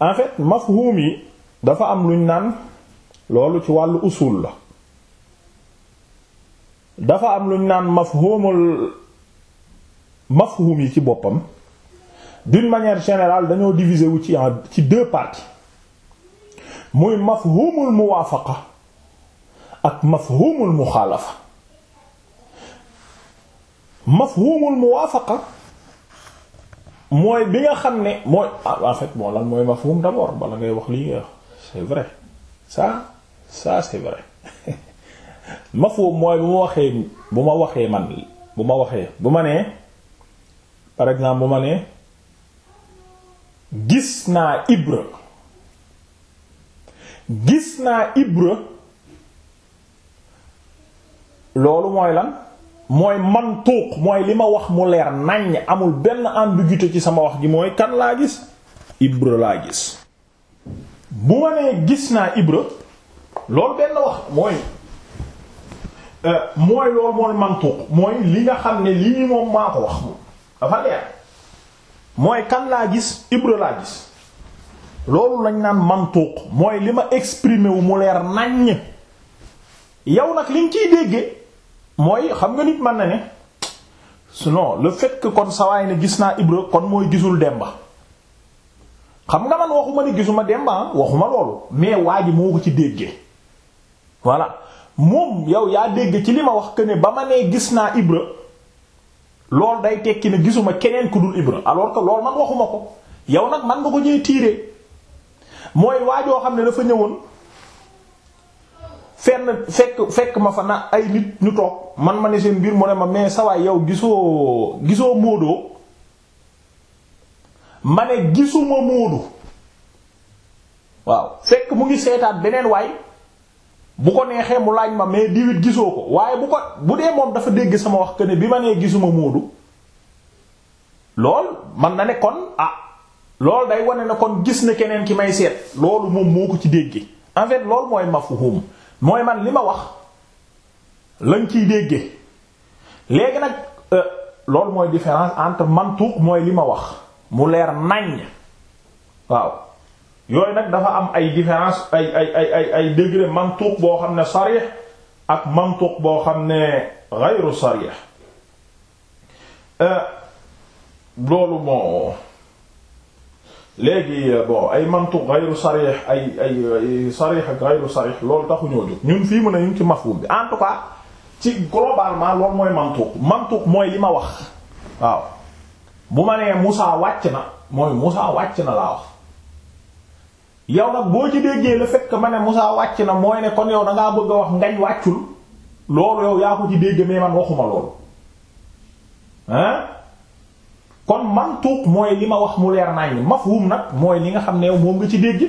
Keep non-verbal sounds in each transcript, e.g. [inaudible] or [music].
en fait mafhum yi dafa am luñ naan loolu ci wàllu usul la dafa am luñ naan mafhumul mafhum yi ci boppam d'une manière générale dañoo diviser wu ci en ci deux parties muy mafhumul muwaafaqa ak mafhumul muxaalafa mafhumul muwaafaqa mooy bi nga xam ne mooy ah, en fait bon lan mooy mafhum d'abord bala ngay wax lii ah, c'est vrai ça ça c'est vrai [laughs] mafhum mooy bu ma waxee bu ma waxee man bu ma waxee bu ma nee par exemple bu ma nee gis naa Ibra gis naa Ibra loolu mooy lan mooy mantuuq mooy li ma wax mu leer naññ amul benn ambiguïté ci sama wax gi mooy kan laa gis Ibra laa gis bu ma nee gis naa Ibra loolu benn wax mooy euh, mooy loolu mooy mooy li nga xam ne lii moom maa ko wax moom dafa leer mooy kan laa gis Ibra laa gis loolu lañ naan mantuuq mooy li ma exprimé wu mu leer naññ yow nag liñ ciy déggee. mooy xam nga nit man na ne sinon le fait que kon sawaay ne gis naa Ibra kon mooy gisul Demba xam nga man waxuma ne gisuma Demba waxuma loolu mais waa ji moo ci déggee voilà moom yow yaa dégg ci li ma wax que ne ba ma nee gis naa Ibra loolu day tekki ne gisuma keneen kudul dul Ibra alors que loolu man waxuma ko yow nag man nga ko ñuy tiire mooy waajoo xam ne dafa ñëwoon. fenn fekk fekk ma fa na ay nit ñu toog man ma ne seen mbir mu ne ma mais sawaay yow gisoo gisoo Moodu ma ne gisuma Moodu waaw fekk mu ngi seetaat beneen waay bu ko neexee mu laaj ma mais diwit gisoo ko waaye bu ko bu dee moom dafa dégg sama wax que ne bi ma ne gisuma Moodu lool man na ne kon ah loolu day wane ne kon gis na keneen ki may seet loolu moom moo ko ci déggee lool fait loolu mooy mafhum mooy man li ma wax lañ ciy déggee léegi nag euh, loolu mooy différence entre mantuq mooy li ma wax mu leer nañ waaw yooyu nag dafa am ay différence ay ay ay ay ay boo xam ne sarih ak mantuq boo xam ne ghayru sarih euh, loolu moo léegi euh, bon ay mantu ghayru sarih ay ay sarih ak ghayru sarih loolu taxuñoo jóg ñun fii mu ne ñu ci mafhum bi en tout cas ci globalement loolu mooy mantuq mantuq mooy li ma wax waaw bu ma nee Moussa wàcc na mooy Moussa wàcc na laa wax yow nag boo ci déggee la fekk que ma ne Moussa wàcc na mooy ne kon yow da ngaa bëgg a wax ngañ wàccul loolu yow yaa ko ci dégg mais man waxuma loolu hein kon mantuq mooy li ma wax mu leer nañ mafhum nag mooy li nga xam ne moom nga ci dégg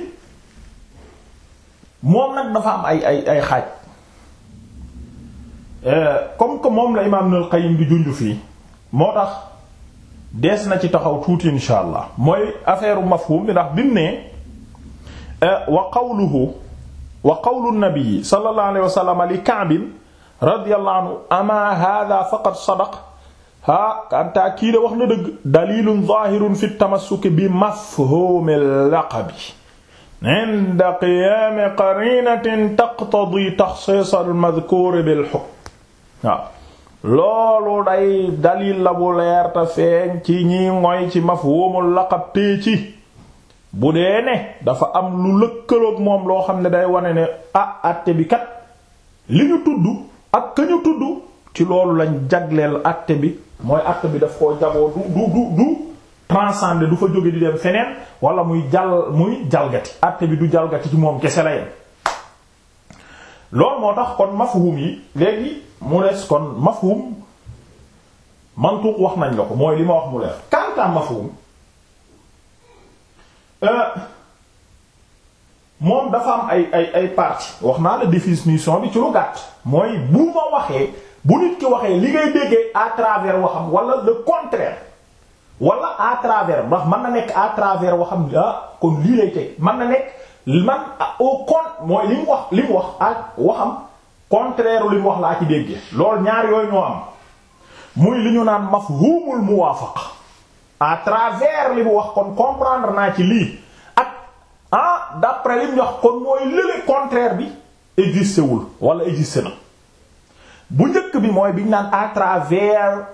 moom nag dafa am ay ay ay xaaj euh, comme que moom la imaam Ibnul Qayyim di junj fii moo tax des na ci taxaw tuuti insha allah mooy affaire mafhum bi ndax bi mu ne euh, wa qawluhu wa qawlu nabi sallallahu alayhi wa sallam li Ka'b radiyallahu anhu ama hadha faqad sadaq ah kanta kii de wax na dëgg dalilun zahirun fi tamassuki bi mafhumil laqabi inda qiyaami qarinatin taqtadi taxsiis al-madkuur bil hukm waaw loolu day dalil la bu leer feeñ ci ñi ngoy ci mafhumul laqab tee ci bu dee ne dafa am lu lëkkaloog moom loo xam ne day wane ne ah àtte bi kat li ñu tudd ak ñu tudd ci loolu lañ jagleel acte bi mooy acte bi daf koo jagoo du du du du du fa jóge di dem feneen wala muy jàll muy jalgati acte bi du jalgati ci moom kese la yem moo tax kon mafhum yi léegi mu des kon mafhum mantuq wax nañ la ko mooy li ma wax mu leer quant à euh, moom dafa am ay ay ay partie wax naa la définition bi ci lu gàtt mooy bu ma waxee bu nit ki waxee li ngay déggee à travers waxam wala le contraire wala à travers ndax mën na nekk à travers waxam ah kon lii lay teg mën na nekk man au con mooy li mu wax li mu wax ak waxam contraire li mu wax laa ci déggee lool ñaar yooyu ñoo am muy li ñu naan mafhumul muwaafaqa à travers li mu wax kon comprendre naa ci lii ak ah d'après li mu wax kon mooy lële contraire bi existé wul wala existé na. bu njëkk bi mooy biñ naan à travers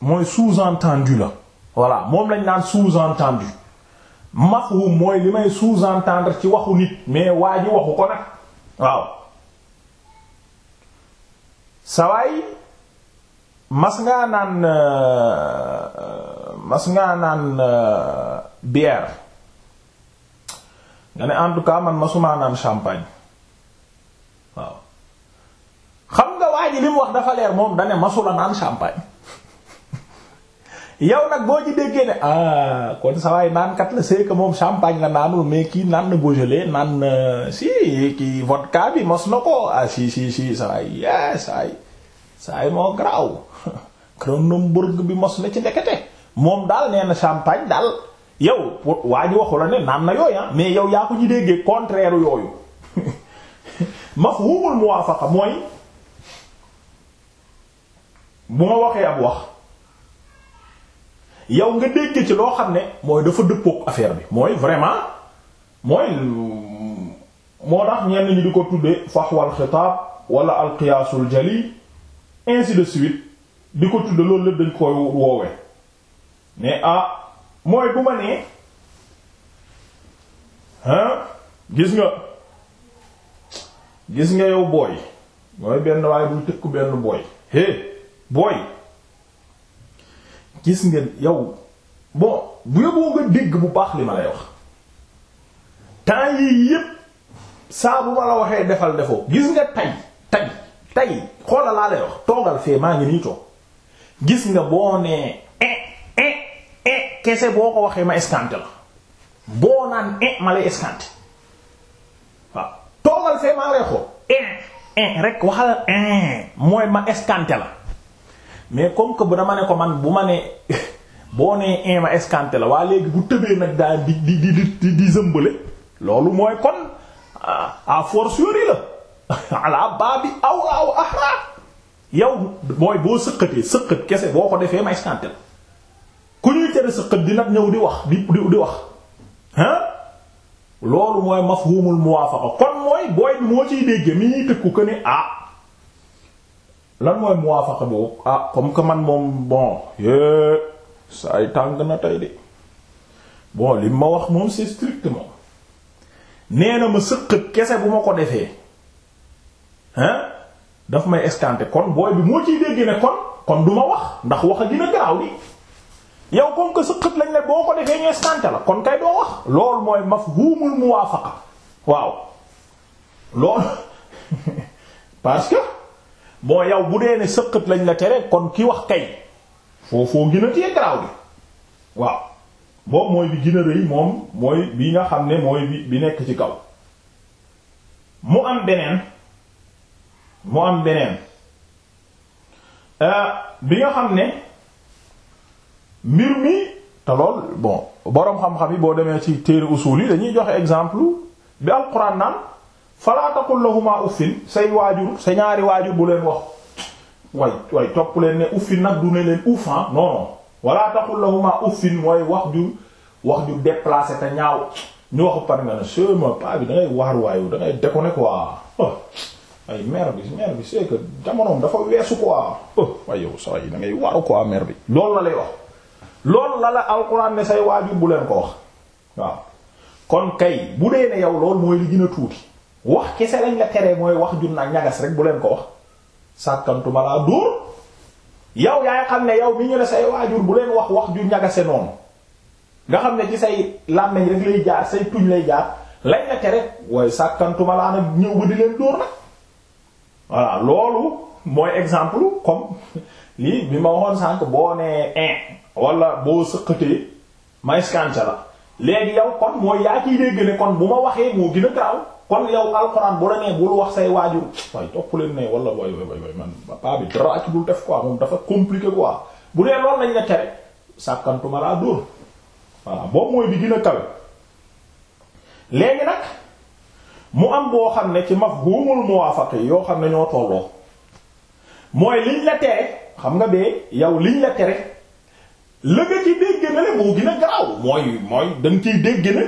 mooy sous-entendu la voilà moom lañ naan sous-entendu en mafhum mooy li may sous-entendre en ci waxu nit mais waa ji waxu ko nag waaw sawaay mas ngaa naan euh, mas ngaa naan euh, bière nga ne en tout cas man masumaa naan champagne waaw waa ji li mu wax dafa leer moom dane masula naan champagne yow nag boo ci déggee ne ah kon sawaay naankat la c'est moom champagne la naanul mais kii naan na Beaujolais naan si kii vodka bi mos na ko ah si si sawaay a saay saay moo garaaw [laughs] Kronenbourg bi mos na ci ndekete moom daal nee na champagne daal yow waa ji waxu la ne naan na yooya ah, mais yow yaa ko ci déggee contraire yooyu [laughs] mafhumul muwafaqa mooy bu ma waxee ab wax yow nga dégg ci loo xam ne mooy dafa dëppook affaire bi mooy vraiment mooy moo tax ñenn ñi di ko tuddee faxwal xitaab wala alqiyaasul jali ainsi de suite di ko tudde loolu lépp dañ koy woowe mais ah mooy bu ma nee hein gis nga gis nga yow booy mooy benn waaye buy tëkku benn booy booy gis ngeen yow bon bu yóbboo nga dégg bu baax li ma lay wax temps yii yépp saa bu ma la waxee defal defoo gis nga tay tay tay xoola laa lay wax toogal fee maa ngi nii toog gis nga boo nee e e e kese boo ko waxee ma escanté la boo naan e ma lay escanté waaw toogal fee maa lay xool e e rek waxal e mooy ma escanté la mais comme que bu dama ne ko man bu ma ne [laughs] boo nee ima escanté la waa léegi bu tëbee nag daal di di di di di zëmbale loolu mooy kon ah, à fortiori la [laughs] ala bi aw aw ahra yow mooy boo sëqatee sëqat kese boo ko defee ma escanté la ku ñuy tere sëqat di nag ñëw di wax di di wax ah loolu mooy mafhumul muwaafaqa kon mooy booy moo ciy dégg mi tëkku ko ne ah. lan mooy muwaafaqa boobu ah comme que man moom bon yee saa yi tàng na tey de bon li ma wax moom c'est strictement nee na ma sëq kese bu ma ko defee hein daf may escanté kon booy bi moo ciy dégg ne kon kon du ma wax ndax wax a dina gaaw di yow comme que sëqat lañ boo ko defee ñu escanté la kon kay doo wax loolu mooy mafhumul muwaafaqa waaw loolu [laughs] parce bon yow bu dee ne sëqat lañ la tere kon ki wax kay foofoo gën a garaaw bi waaw boobu mooy bi gën rëy moom mooy bi nga xam ne mooy bi nekk ci kaw mu am beneen mu am euh, bi nga xam ne mbir mi te lool bon boroom xam-xam yi boo demee ci téere usul yi dañuy joxe exemple bi alxuraan naan falaa taqul lahumaa uffin say waajur sa ñaari waajur bu leen wax way way topp leen ne uffin nag du ne leen uff ah. non non walaa taqul lahumaa uffin mooy wax ju wax ju déplacé te ñaaw ñu waxu par nga ne seulement pas bi da ngay waar waayu da ngay déconné quoi oh. ay mère bi mère bi c'est que jamonoom dafa weesu ko waaye oh. yow saa yi da ngay waaru quoi mère bi. lool la lay wax loolu la la alxuraan ne say waajur bu leen ko wax waaw kon kay bu dee ne yow loolu mooy li tuuti. wax kese lañ la teree mooy wax jur nag ñagas rek bu leen ko wax sàkkantuma laa dóor yow yaay xam ne yow mi ñu ne say waajur bu leen wax wax ju ñagase noonu nga xam ne ci say làmmeñ rek lay jaar say tuñ lay jaar lañ la tere waaye sàkkantuma laa nag ñëw ba di leen dóor nag voilà loolu mooy exemple comme [laughs] lii bi ma waxoon sànk boo nee in eh, wala boo sëqatee may scanca la léegi yow kon mooy yaa ciy dégg ne kon bu ma waxee moo gën a gaaw kon yow alxuraan bu la bul wax say waajur waaye topp leen ne wala way way way man paa bi dara ci dul def quoi moom dafa compliqué quoi bu dee loolu lañ la tere sàkkantuma laa dóor voilà boobu mooy bi gën a kawe léegi nag mu am boo xam ne ci mafhumul muwaafaq yi yoo xam ne ñoo tolloo mooy liñ la tere xam nga bee yow liñ la tere la ci dégg na le moo gën a garaaw mooy mooy da ciy dégg na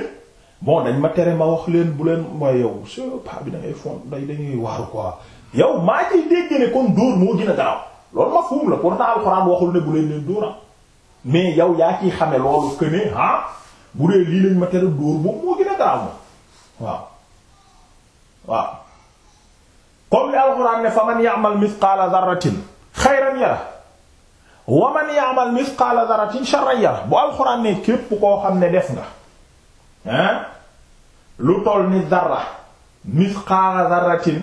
bon dañ ma tere ma wax leen bu leen mooy yow su pa bi da ngay fon dañuy waaru quoi yow maa ciy dégg ne kon dóor moo gën a loolu ma fuum la pourtant alxuraan waxul ne yow yaa ciy xame loolu que ne ah bu dee ma tere dóor boobu moo gën a garaaw moom waaw waaw comme li fa man ya'mal mithqala dharratin xayran yara wa man ya'mal mithqala dharratin sharran yara bu alxuraan ne képp koo xam ne def nga hein lu tol ni dara misqaala daratin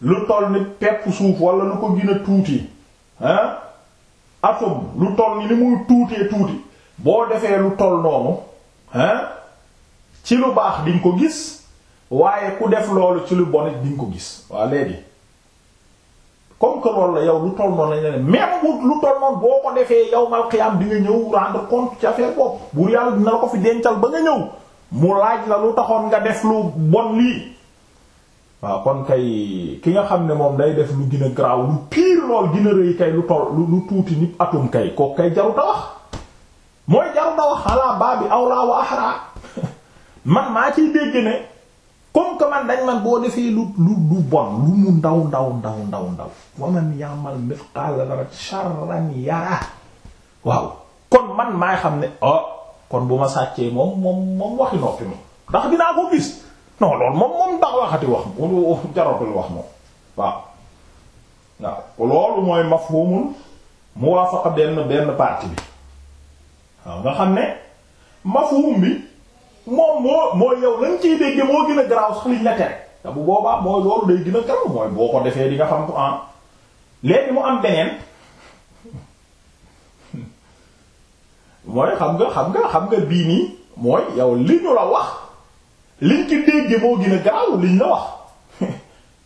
lu toll ni pepp suuf wala lu ko gën tuuti hein atom lu toll ni li muy tuutee tuuti boo defee lu tol noonu hein ci lu baax di nga ko gis waaye ku def loolu ci lu bon it di nga ko gis waa léegi comme que loolu la yow lu toll noonu lañ ne même bu lu toll noonu boo ko defee yow mal xiyaam di nga ñëw rendre compte ci affaire bu yàlla dina la ko fi dencal ba nga ñëw mu laaj la lu taxoon nga def lu bon lii waaw kon kay ki nga xam ne moom day def lu gën a garaaw lu pire lool gën a rëy kay lu toll lu tuuti nit atum kay ko kay jaruta wax mooy jaruta wax xalaa baa bi awlaa wa ahraa [laughs] man maa ciy dégg ne comme que man dañ man boo defee lu lu lu bon lu mu ndaw ndaw ndaw ndaw ndaw waman ya'mal mithqala dara sharran yara waaw kon man maay xam ne oh kon bu ma sàccee moom moom moom waxi noppi moom ndax dinaa ko gis non loolu moom moom ndax waxati wax m [laughs] jarotul wax moom waaw loolu mooy mafhumul muwaafaqa benn benn partie bi waaw nga xam ne mafhum bi moom moo mooy yow lañ ciy dégg moo gën a garaaw liñ la tere te bu boobaa moo loolu day gën a mooy boo ko defee di nga xam ko ah léegi mu am beneen mooy xam nga xam nga xam nga bii nii mooy yow li ñu la wax liñ ci dégg moo gën a garaaw liñ la wax [laughs]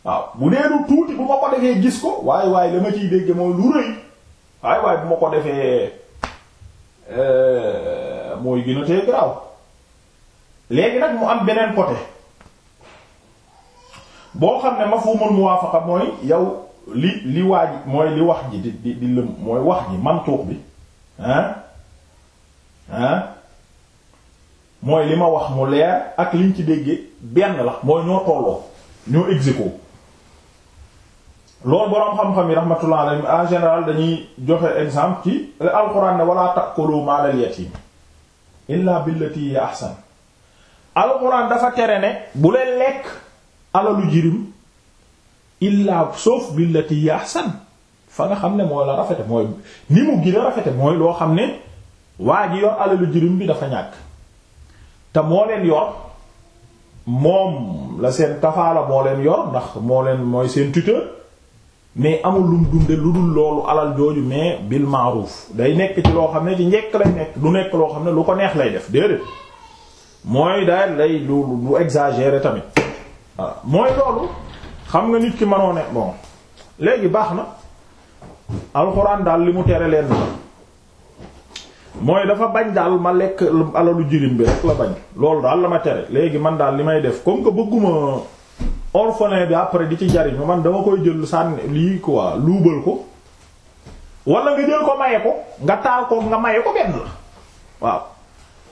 waaw bu dee lu tuuti bu ma ko defee gis ko waaye waaye la ma ciy dégg mooy lu rëy waaye waaye bu ma ko defee euh, mooy gën a tee léegi nag mu am beneen côté boo xam ne mafhumul muwaafaqa mooy yow li li waaj mooy li wax ji di di di mooy wax ji mantuux bi ah ah mooy li ma wax mu leer ak liñ ci déggee benn la mooy ñoo tolloo ñoo exéco loolu boroom xam-xam yi rahmatullah alayhim en général dañuy joxe exemple ci alquran ne wala taqulu maalal yatim illa billati hiya ahsan alxuraan dafa tere ne bu leen lekk alalu jirim illaa sauf billati yaxsan fa nga xam ne mooy la rafete mooy ni mu gën rafete mooy loo xam ne waa ji yor alalu jirim bi dafa ñàkk te moo leen yor moom la seen kafaala moo leen yor ndax moo leen mooy seen tuteur mais amul lum dunde lu dul loolu alal jooju mais bil ma'ruf day nekk ci loo xam ne ci njekk lay nekk du nekk loo xam ne lu ko neex lay def déedéet mooy daal lay lu lu exagéré tamit voilà ah, mooy loolu xam nga nit ki mënoo ne bon léegi baax na alxuraan daal li mu tere leen mooy dafa bañ daal ma lekk alalu jirim bi rek la bañ loolu daal la ma tere léegi man daal li may def comme que bëgguma orphelin bi après di ci jariñu man dama koy jël sànni lii quoi luubal ko wala nga jël ko maye ko nga taal ko nga maye ko benn la waaw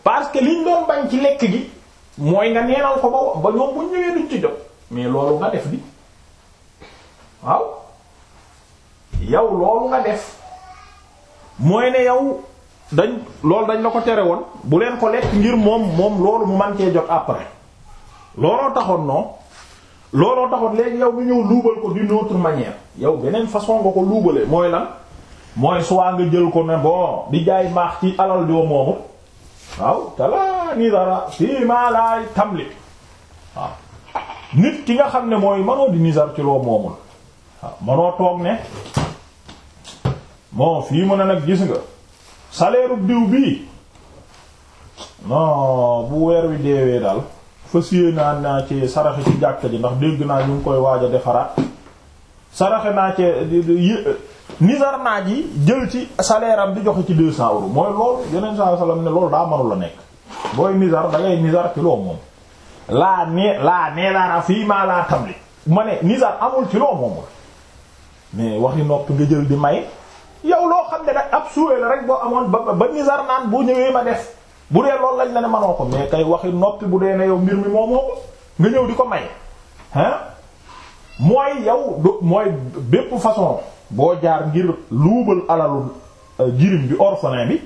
parce que liñ doon bañ ci lekk gi mooy nga neenal ko ba ba ñoom bu ñëwee duñ ci jot mais loolu nga def bi waaw yow loolu nga def mooy ne yow dañ loolu dañ la ko tere woon bu leen ko lekk ngir moom moom loolu mu man cee jot après looloo taxoon non looloo taxoon léegi yow bi ñëw luubal ko d'une autre manière yow beneen façon nga ko luubale mooy lan mooy soit nga jël ko ne bon di jaay maax ci alal joo moomu waaw talaa nizara fii maa laay tamlik waaw nit ki nga xam ne mooy manoo di nizar ci loo moomul waaw manoo toog ne bon fii mu ne nag gis nga salaire ub diw bii non bu weer wi deewee daal fas yéenaa naa ci saraxe ci jàkka ji ndax dégg naa ñu ngi koy waaj a defaraat saraxe naa ci nizar naa ji jël ci salaire am di joxe ci deux cents euros mooy loolu yeneen saa salaam ne loolu daa mënul nekk booy nizar da ngay nizar ci moom. laa nee laa nee daara fii maa laa tamli ma ne nizar amul ci loo moomul mais waxi noppi nga jël di may yow loo xam ne nag ab suwee la rek boo amoon ba ba nizar naan boo ñëwee ma def bu dee loolu lañ la ne mënoo ko mais kay waxi noppi bu dee ne yow mbir mi moomoo nga ñëw di ko may mooy yow du mooy bépp façon boo jaar ngir luubal alalu euh, jirim bi orphelin bi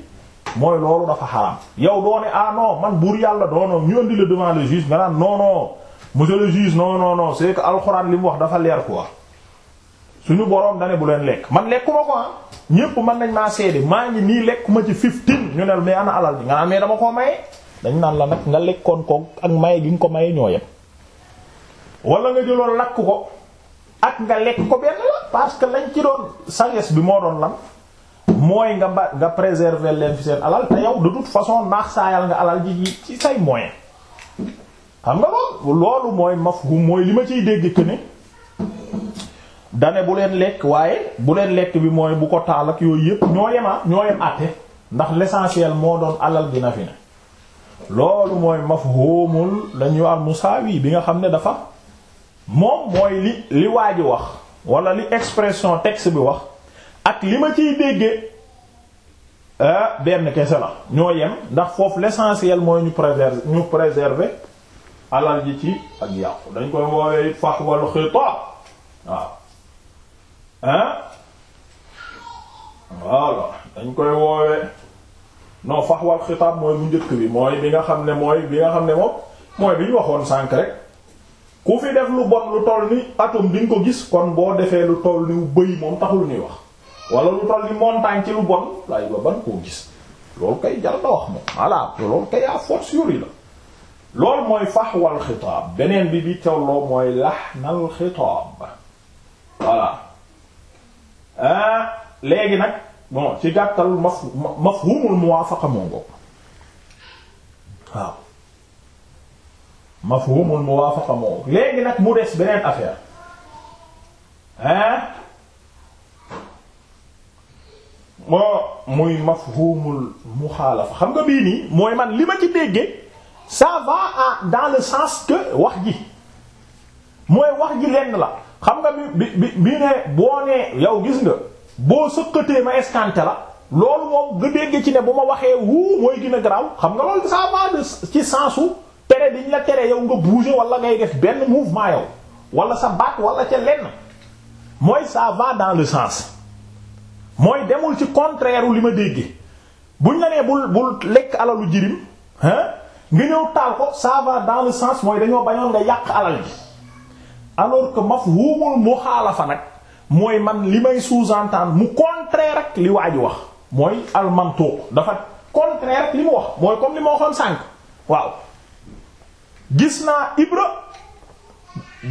mooy loolu dafa xaraam yow doo ne ah non man buur yàlla non non ñu andi la devant le juge nga naan non non monsieur le juge non non non alxuraan li mu wax dafa leer quoi suñu boroom dane bu leen lekk man lekkuma ko ah ñépp mën nañ maa seede maa ngi nii lekkuma ci fifteen ñu ne mais ana alal bi nga naan mais dama koo maye. dañ naan la nag nga lekkoon ko ak ma gi ko maye ñoo yem ko. ak nga lekk ko benn la parce que lañ ci doon sagesse bi moo doon lan mooy nga ba nga préserver leen fi seen alal te yow de toute façon naax saayal nga alal ji ci say moyen xam nga loolu loolu mooy mafhum mooy li ma ciy dégg que ne bu leen lekk waaye bu leen lekk bi mooy bu ko taal ak yooyu yëpp ñoo yema ñoo yem àtte ndax l'essentiel moo doon alal dina fi ne loolu mooy mafhumul lañu al musaawi bi nga xam ne dafa moom mooy li li waa ji wax walla li expression texte bi wax ak li ma ciy déggee ah, benn kese la ñoo yem ndax foofu l'essentiel mooy ñu préserver ñu préserver alal ji ci ak yàqu dañ koy woowee it fax wal xitaab waaw hein ah? voilà dañ koy woowee non fax wal xitaab mooy bu njëkk bi mooy bi nga xam ne mooy bi nga xam ne moom mooy bi ñu waxoon sànk rek ku fi def lu bon lu toll ni atum di nga ko gis kon boo defee lu toll ni bëy moom taxul ñuy wax wala lu toll ni montagne ci lu bon lay ba ban koo gis loolu kay jar na wax moom voilà loolu kay à force la loolu mooy faxwal xitaab beneen bi bi tewloo mooy laxnal xitaab voilà ah léegi nag bon ci gàttal maf mafhumul muwaafaqa moo ngo waaw mafhumul muwaafaqa moom léegi nag mu des beneen affaire hein moo muy mafhumul muxaalafa xam nga bii nii mooy man li ma ci déggee savant va à dans le sens que wax ji mooy wax ji lenn la xam nga bi bi bi ne boo nee yow gis nga boo sëqatee ma escanté la loolu moom nga dégg ci ne bu ma waxee wuu mooy gën a xam nga loolu ça va sensu tere biñ la tere yow nga bouger wala ngay def benn mouvement yow wala sa baat walla ca lenn mooy ça va dans le sens mooy demul ci contraire li ma déggee buñ la nee bul bul lekk alalu jirim hein nga ñëw taal ko ça va dans le sens mooy dañoo bañoon nga yàq alal ji alors que mafhumul muxaalafa nag mooy man li may sous-entendre mu contraire ak li waa ji wax mooy almantuq dafa contraire ak li mu wax mooy comme li ma waxoon sànq waaw gis naa ibra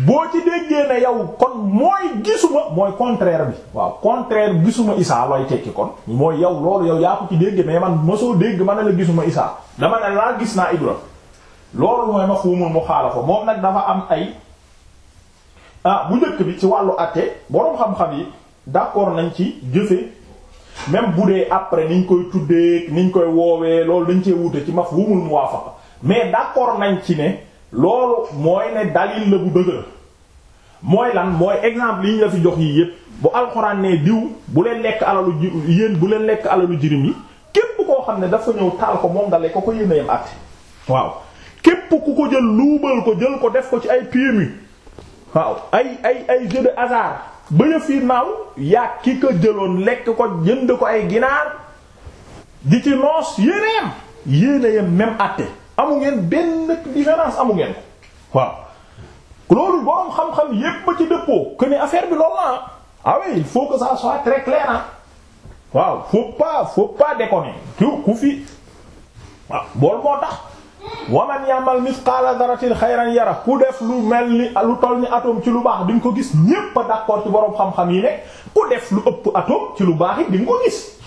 boo ci déggee ne yow kon mooy gisuma mooy contraire bi waaw contraire gisuma isaa looy tekki kon mooy yow loolu yow yaa ko ci dégg mais man mosoo dégg ma ne la gisuma isaa dama ne gis naa ibra loolu mooy ma xuumul mu xaala moom nag dafa am ay ah bu njëkk bi ci wàllu àtte boroom xam-xam yi d'accord nañ ci jëfe même bu dee après niñ koy tuddee niñ koy woowee loolu dañ cee wute ci mafhumul muwaafaqa mais d'accord nañ ci ne loolu mooy ne dalil la bu dëgër mooy lan mooy exemple yi ñu la fi jox yi yépp bu alxuraan ne diw bu leen lekk alalu ji yéen bu leen lekk alalu jirim yi képp koo xam ne dafa ñëw taal ko moom nga lekk ko ko yéen a àtte waaw képp ku ko jël luubal ko jël ko def ko ci ay PMU waaw ay ay ay jeu naaw yaa ki ko jëloon lekk ko jënd ko ay ginaar di ci noos yéen a yem yéen a àtte amu ngeen benn différence amu ngeen ko waaw loolu borom xam-xam yépp ba ci dëppoo que ne affaire bi loolu la ah. ah oui il faut que ça soit très clair ah waaw faut pas faut pas ku fi bool moo tax waman yamal misqala daratin xayran yara ku def lu mel ni lu toll ni atome ci lu baax di nga ko gis ñépp a d'accord ci borom xam-xam yi ne ku def lu ëpp atome ci lu baax it di nga ko gis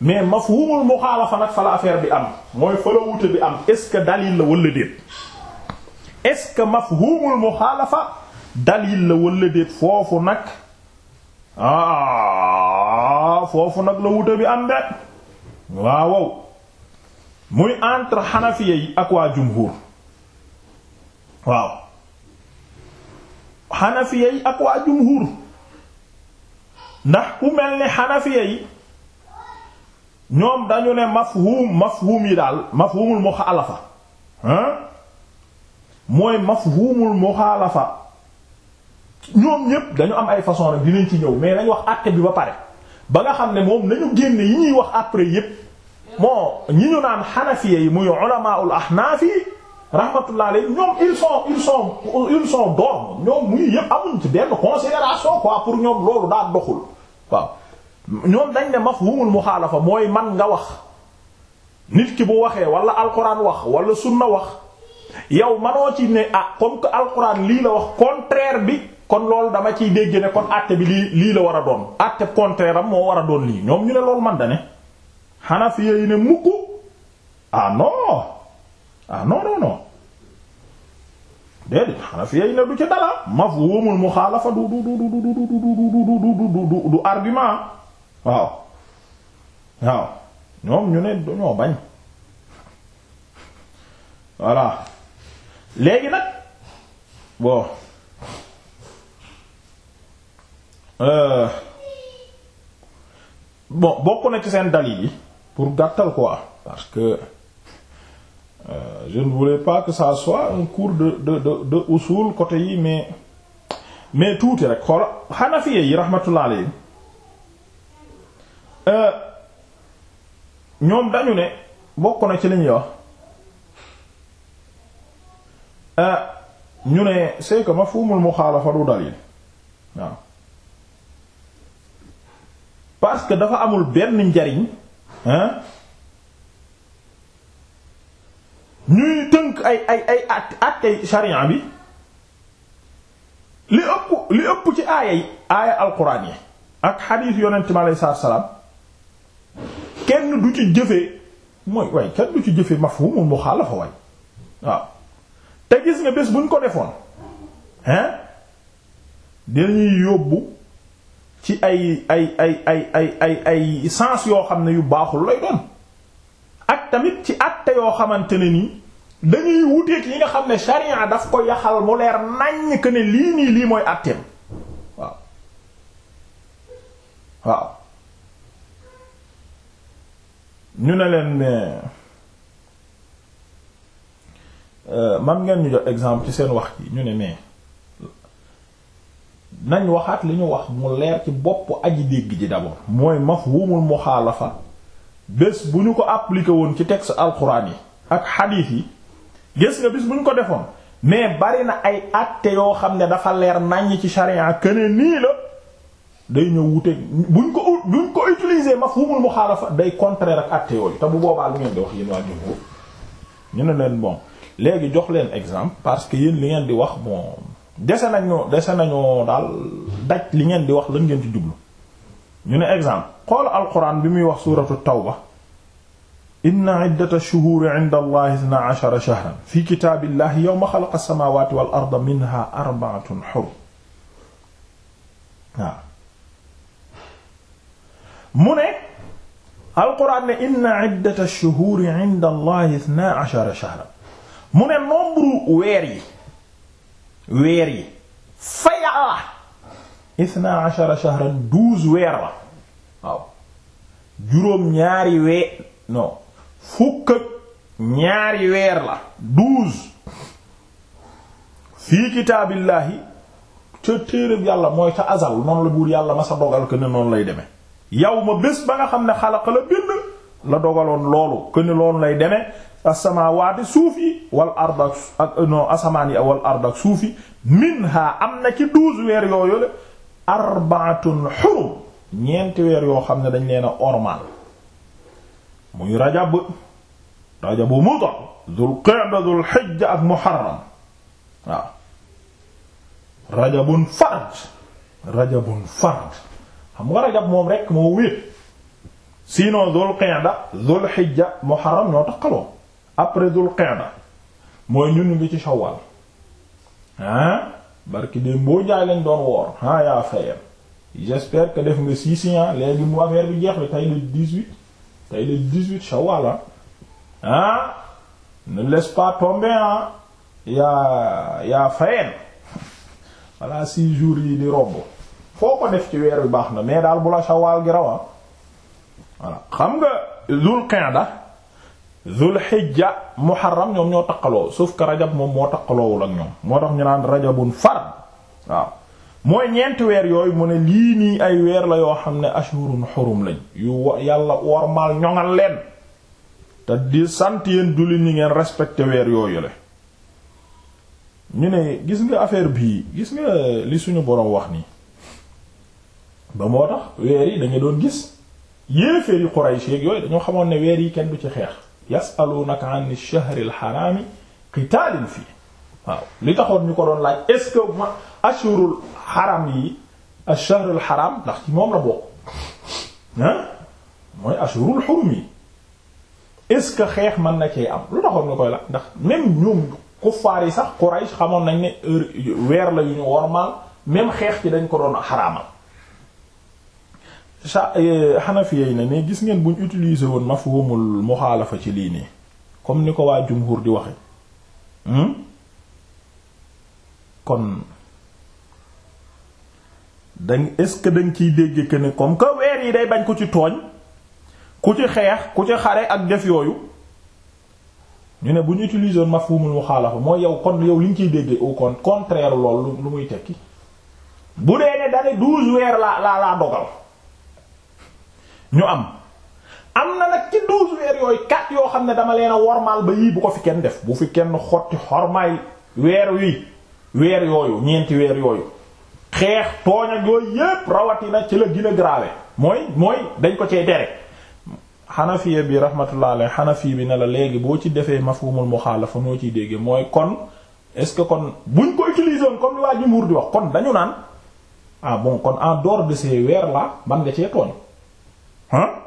mais mafhumul muxaalafa nag fa la affaire bi am mooy fa la wute bi am est-ce que dalil la wala déet est-ce que mafhumul muxaalafa dalil la wala déet foofu nag ah foofu nag la wute bi am de waawow muy entre xanafiya yi ak waa jumhur waaw xanafiya yi ak waa jumhur ndax ku mel ni xanafiya yi ñoom dañu ne mafhum mafhum yi daal mafhumul muxaalafa hein mooy mafhumul muxaalafa ñoom ñépp dañu am ay façon rek dinañ ci ñëw mais nañ wax àtte bi ba pare ba nga xam ne moom nañu génne yi ñuy wax après yépp moo ñi ñu naan xanafiya yi muy ulamaul ahnaaf yi rahmatullah alayhi ñoom ils sont ils sont ils sont d'or ñoom muy yépp amuñ ci benn considération quoi pour ñoom loolu daa doxul waaw ñoom dañ ne mafhumul muxaalafa mooy man nga wax nit ki bu waxee wala alquran wax wala sunna wax yow manoo ci ne ah comme que alquran lii la wax contraire bi kon loolu dama ciy dégg ne kon àtte bi lii lii la war a doon àtte contraire am moo war a doon lii ñoom ñu ne loolu man da ne Hanafi yi ne mukk ah non ah non non non déedéet Hanafi yi ne du ci dara mafhumul muxaalafa du du du du du du du du du argument waaw waaw ñoom ñu ne dañoo bañ voilà léegi nag euh, bon bokk na ci seen dalil yi pour gàttal quoi parce que euh, je ne voulais pas que ça soit un cours de de de de usul côté yi mais mais tuuti rek xoola Hanafi yi rahmatullah alayhi Euh, ñoom dañu ne bokk na ci li ñuy wax euh, ñu ne c'est que mafhumul muxaalafa du dalil waaw parce que dafa amul benn njariñ hein ñuy tënk ay ay ay at attey sharia bi li ëpp li ëpp ci aaya yi aaya alquran yi ak xadiis yonent mi salaam kenn du ci jëfe mooy waaye kenn du ci jëfee mafhumul muxaalafa waay waaw te gis nga bés buñ ko defoon hein dañuy yóbbu ci ay ay ay ay ay ay ay sens yoo xam ne yu baaxul lay doon ak tamit ci àtte yoo xamante ne nii dañuy wuteeg yi nga xam ne sharia daf ko yaxal mu leer naññ que ne lii nii lii mooy àtteem waaw waaw ñu ne leen mais euh, man ngeen ñu jox exemple ci seen wax ji ñu ne mais nañ waxaat li ñu wax mu leer ci bopp aji dégg ji d'abord mooy mafhumul muxaalafa bés bu ñu ko appliqué woon ci texte alxuraan yi ak xadiis yi gis nga bis bu ñu ko defoon mais bari na ay actes yoo xam ne dafa leer naññ ci sharia këne nii la day ñëw wute buñ ko buñ ko utiliser mafhumul muxaalafa day contraire ak acte yooyu te bu boobaa lu ngeen di wax yéen waa jumhur ñu ne leen bon léegi jox leen exemple parce que yéen li ngeen di wax bon dese nañoo dese nañoo daal daj li ngeen di wax lan ngeen di jublu ñu ne exemple xool alquran bi muy wax suratu tawba inna iddata shuhuri inda allahi isna ashara shahran fi kitaabillahi yawma xalaqa as-samawati wal arda minha arba'atun hurum waaw mu ne alquran ne inna iddata ash-shuhuri 'inda allahi mu ne nombre weer yi weer yi fa yàlla ithnaa 'ashara shahran douze weer la waaw juróom ñaari weer non ñaari weer la douze fii kitaabillahi ca téereb yàlla mooy ca azal noonu la buur yàlla ma sa dogal ko ne noonu lay demee yow ma bés ba nga xam ne xalaqa la bind la dogaloon loolu que loolu lay demee asamaawaati suuf yi wal ard ak non minha am na ci douze weer yooyu la xurum ñeenti weer yoo xam ne dañ leen a ormal muy rajab rajabu mudar dul qa'da dul hijja ak muharram waaw rajabun fard rajabun fard xam nga rajab moom rek moo wéet sinon dul qa'da dul hijja muharram ñoo taqaloo après dul qa'da mooy ñun ngi ci shawwal ah barki de mboo jaay lañ doon woor ah yaa fayam j'espère que def nga six ans léegi mu affaire bi jeex la tey le dix-huit tey le dix-huit shawwal ah ne laisse pas tomber ah yaa yaa fayam [laughs] voilà six jours yi di robb foo ko def ci weer wi baax na mais daal bu la shawaal gi rawa voilà xam nga zul qa'da zul hijja muharram ñoom ñoo taqaloo sauf ka rajab moom moo taqaloowul ak ñoom moo tax ñu naan rajabun fard waaw mooy ñeenti weer yooyu mu ne lii nii ay weer la yoo xam ne ashurun xurum lañ yu yàlla wormaal ñoŋal leen te di sant yeen jullit ñi ngeen respecté weer yooyu la ñu ne gis nga affaire bii gis nga li suñu boroom wax nii ba moo tax weer yi dañu doon gis yéeféeri Quraysh yeeg yooyu dañoo xamoon ne weer yi kenn du ci xeex yasalunaka an ash-shahri al-harami qitaalin fii waaw li taxoon ñu ko doon laaj est-ce que ma ashurul haram yi ash-shahrul ndax moom la bokk ah mooy ashurul ce que xeex mën na cee am lu taxoon ñu koy laaj ndax même ñoom kuffaar yi sax Quraysh xamoon nañ ne weer la yu ñu wormaal même xeex ci dañ ko doon xaraamal sa xanafiya eh, yi na ne gis ngeen buñ utiliser woon mafhumul muxaalafa ci lii nii comme ni ko waa jumhur di waxe hmm? kon dañ est-ce que dañ ciy dégg que ne comme que weer yi day bañ ku ci tooñ ku ci xeex ku ci xare ak def yooyu ñu ne bu ñu utiliser woon mu muxaalafa mooy yow kon yow li ñu ciy déggee au contraire lool lu muy tekki bu dee ne dane douze weer laa laa dogal ñu am am na nag ci douze weer yooyu quatre yoo xam ne dama leen a wormaal ba yii bu ko fi kenn def bu fi kenn xotti xormaay weer wi weer yooyu ñeenti weer yooyu xeex tooñ ak yooyu yépp rawatina ci la gën a mooy mooy dañ ko cee tere xanafiya bi rahmatullah alayhi xanafi bi ne la léegi boo ci defee mafhumul muxaalafa noo ciy déggee mooy kon est-ce que kon buñ ko utiliser woon comme li waa jumhur di wax kon dañu naan ah bon kon en dehors de weer la ban nga cee tooñ ah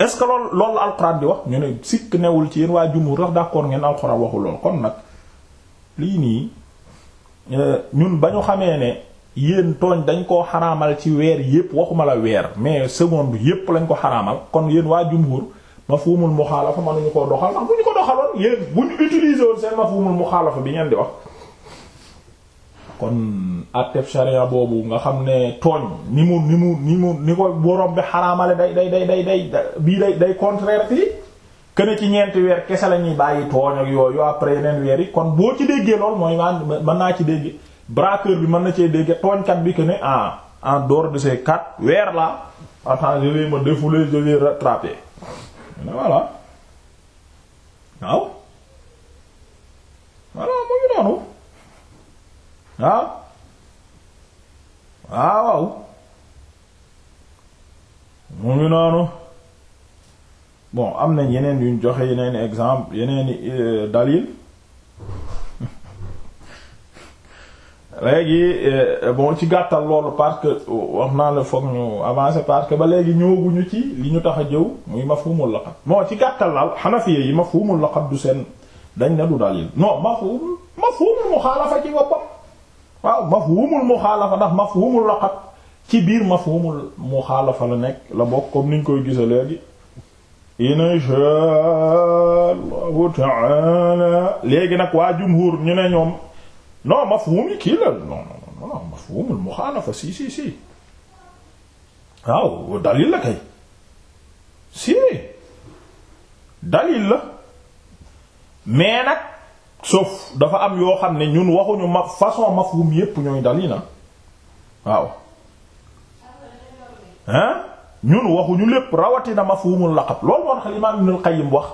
est-ce que loolu loolu la di wax ñu ne sikk newul ci yéen waa jumhur wax d'accord ngeen alxuraan waxul lool kon nag lii nii euh, ñun ba ñu xamee ne yéen tooñ dañ koo xaraamal ci weer yépp waxuma la weer mais seconde yépp lañ ko xaraamal kon yéen waa jumhur mafhumul muxaalafa mënuñu koo doxal ndax bu ñu ko doxaloon yéen bu ñu utiliser woon seen mafhumul muxaalafa bi ngeen di wax kon atteb sharia boobu nga xam ne tooñ ni mu ni mu ni mu ni ko borom bi xaraamale day day day day day bii day day contraire bi kene ci ñeenti weer kese lañuy ñuy bàyyi tooñ ak yooyu après yeneen weer yi kon boo ci déggee lool mooy maa naa ci dégg braqueur bi mën na cee dégg tooñkat bi que ne ah en dehors de ces quatre weer là attends je vais défouler je vais rattraper waaw voilà mu ngi noonu waaw ah? ah, waaw mu ngi noonu bon am nañ yeneen yuñ joxe yeneen exemple yeneen euh, dalil [laughs] léegi euh, bon ci gàttal loolu parce que wax naa la foog ñu avancer parce que ba léegi ñëwaguñu ci li ñu tax a jëw muy mafhumul laqab moo ci gàttal daal Hanafiya yi mafhumul laqab du seen dañ ne du dalil non mafhum mafhumul mukhalafa ci boppam waaw mafhumul muxaalafa ndax mafhumul laqat ci biir mafhumul muxaalafa la nekk la bokk comme niñ koy gisa léegi inshaa allahu taala léegi nag waa jumhur ñu ne ñoom non mafhum kii la non non non mafhumul si si si waaw dalil la kay si dalil la mais nag sauf dafa am yoo xam ne ñun waxuñu ma façon mafhum yépp dal dali na waaw hein ñun waxuñu lépp rawatina mafhumul laqab loolu moo tax imaam Ibnul Qayyim wax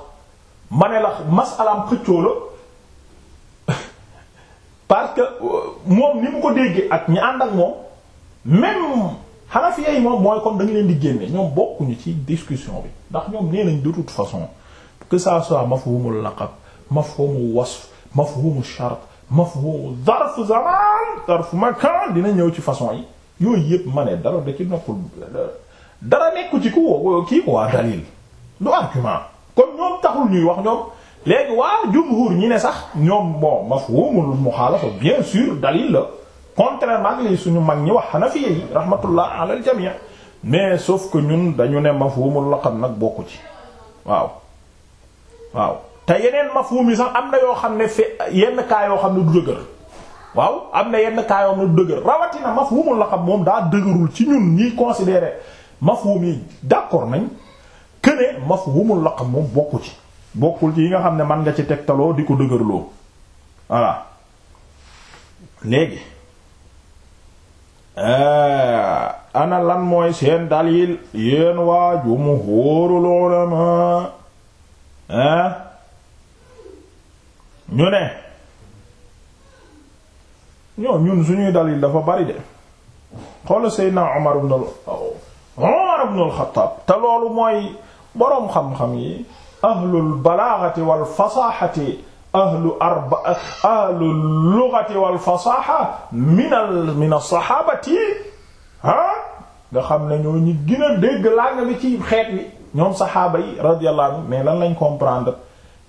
ma ne la masalaam xëccoo la [laughs] parce que euh, moom ni mu ko déggee ak ñi ànd ak moom même Hanafiya yi moom mooy comme dañu leen di génne ñoom bokkuñu ci discussion bi ndax ñoom nee nañ de toute façon que ça soit mafhumul laqab mafhumul wasf mafhumu shart mafhumu zarf zaman zarf makan dina ñëw ci façon yi yooyu yëpp ma ne dara da ci nokkul dara nekku ci ku kii quoi dalil du argument kon ñoom taxul ñuy wax ñoom léegi waa jumhur ñi ne sax ñoom bon mafhumul muxaalafa bien sûr dalil la contrairement ak suñu mag ñi wax Hanafi yi rahmatullah ala al jami' mais sauf ko ñun dañu ne mafhumul laqab nag bokku ci waaw waaw te yeneen mafhum yi sax am na yoo xam ne fe yenn kaa yoo xam ne du dëgër waaw am na yenn kaa xam ne du dëgër rawatina mafhumul moom daa ci ñun ñiy considérer mafhum yi d'accord nañ que ne mafhumul laqab moom bokku ci bokkul ci yi nga xam ne man nga ci tegtaloo di ko dëgërloo voilà léegi euh, ana lan mooy seen dalil yéen waa jumhuurul ulamaa ñu ne ñoo ñun suñuy dalil dafa bari de xoolal Seydina Omar ibn Omar ibn al-Khattab te loolu mooy boroom xam-xam yi ahlul balaagati wal fasaahati ahlu arba ahlu lughati wal fasaaha minal mina saxaabati ah nga xam ne ñoo ñi gën a dégg laa nga bi ci xeet bi ñoom saxaaba yi radiyallahu anhu mais lan lañ comprendre.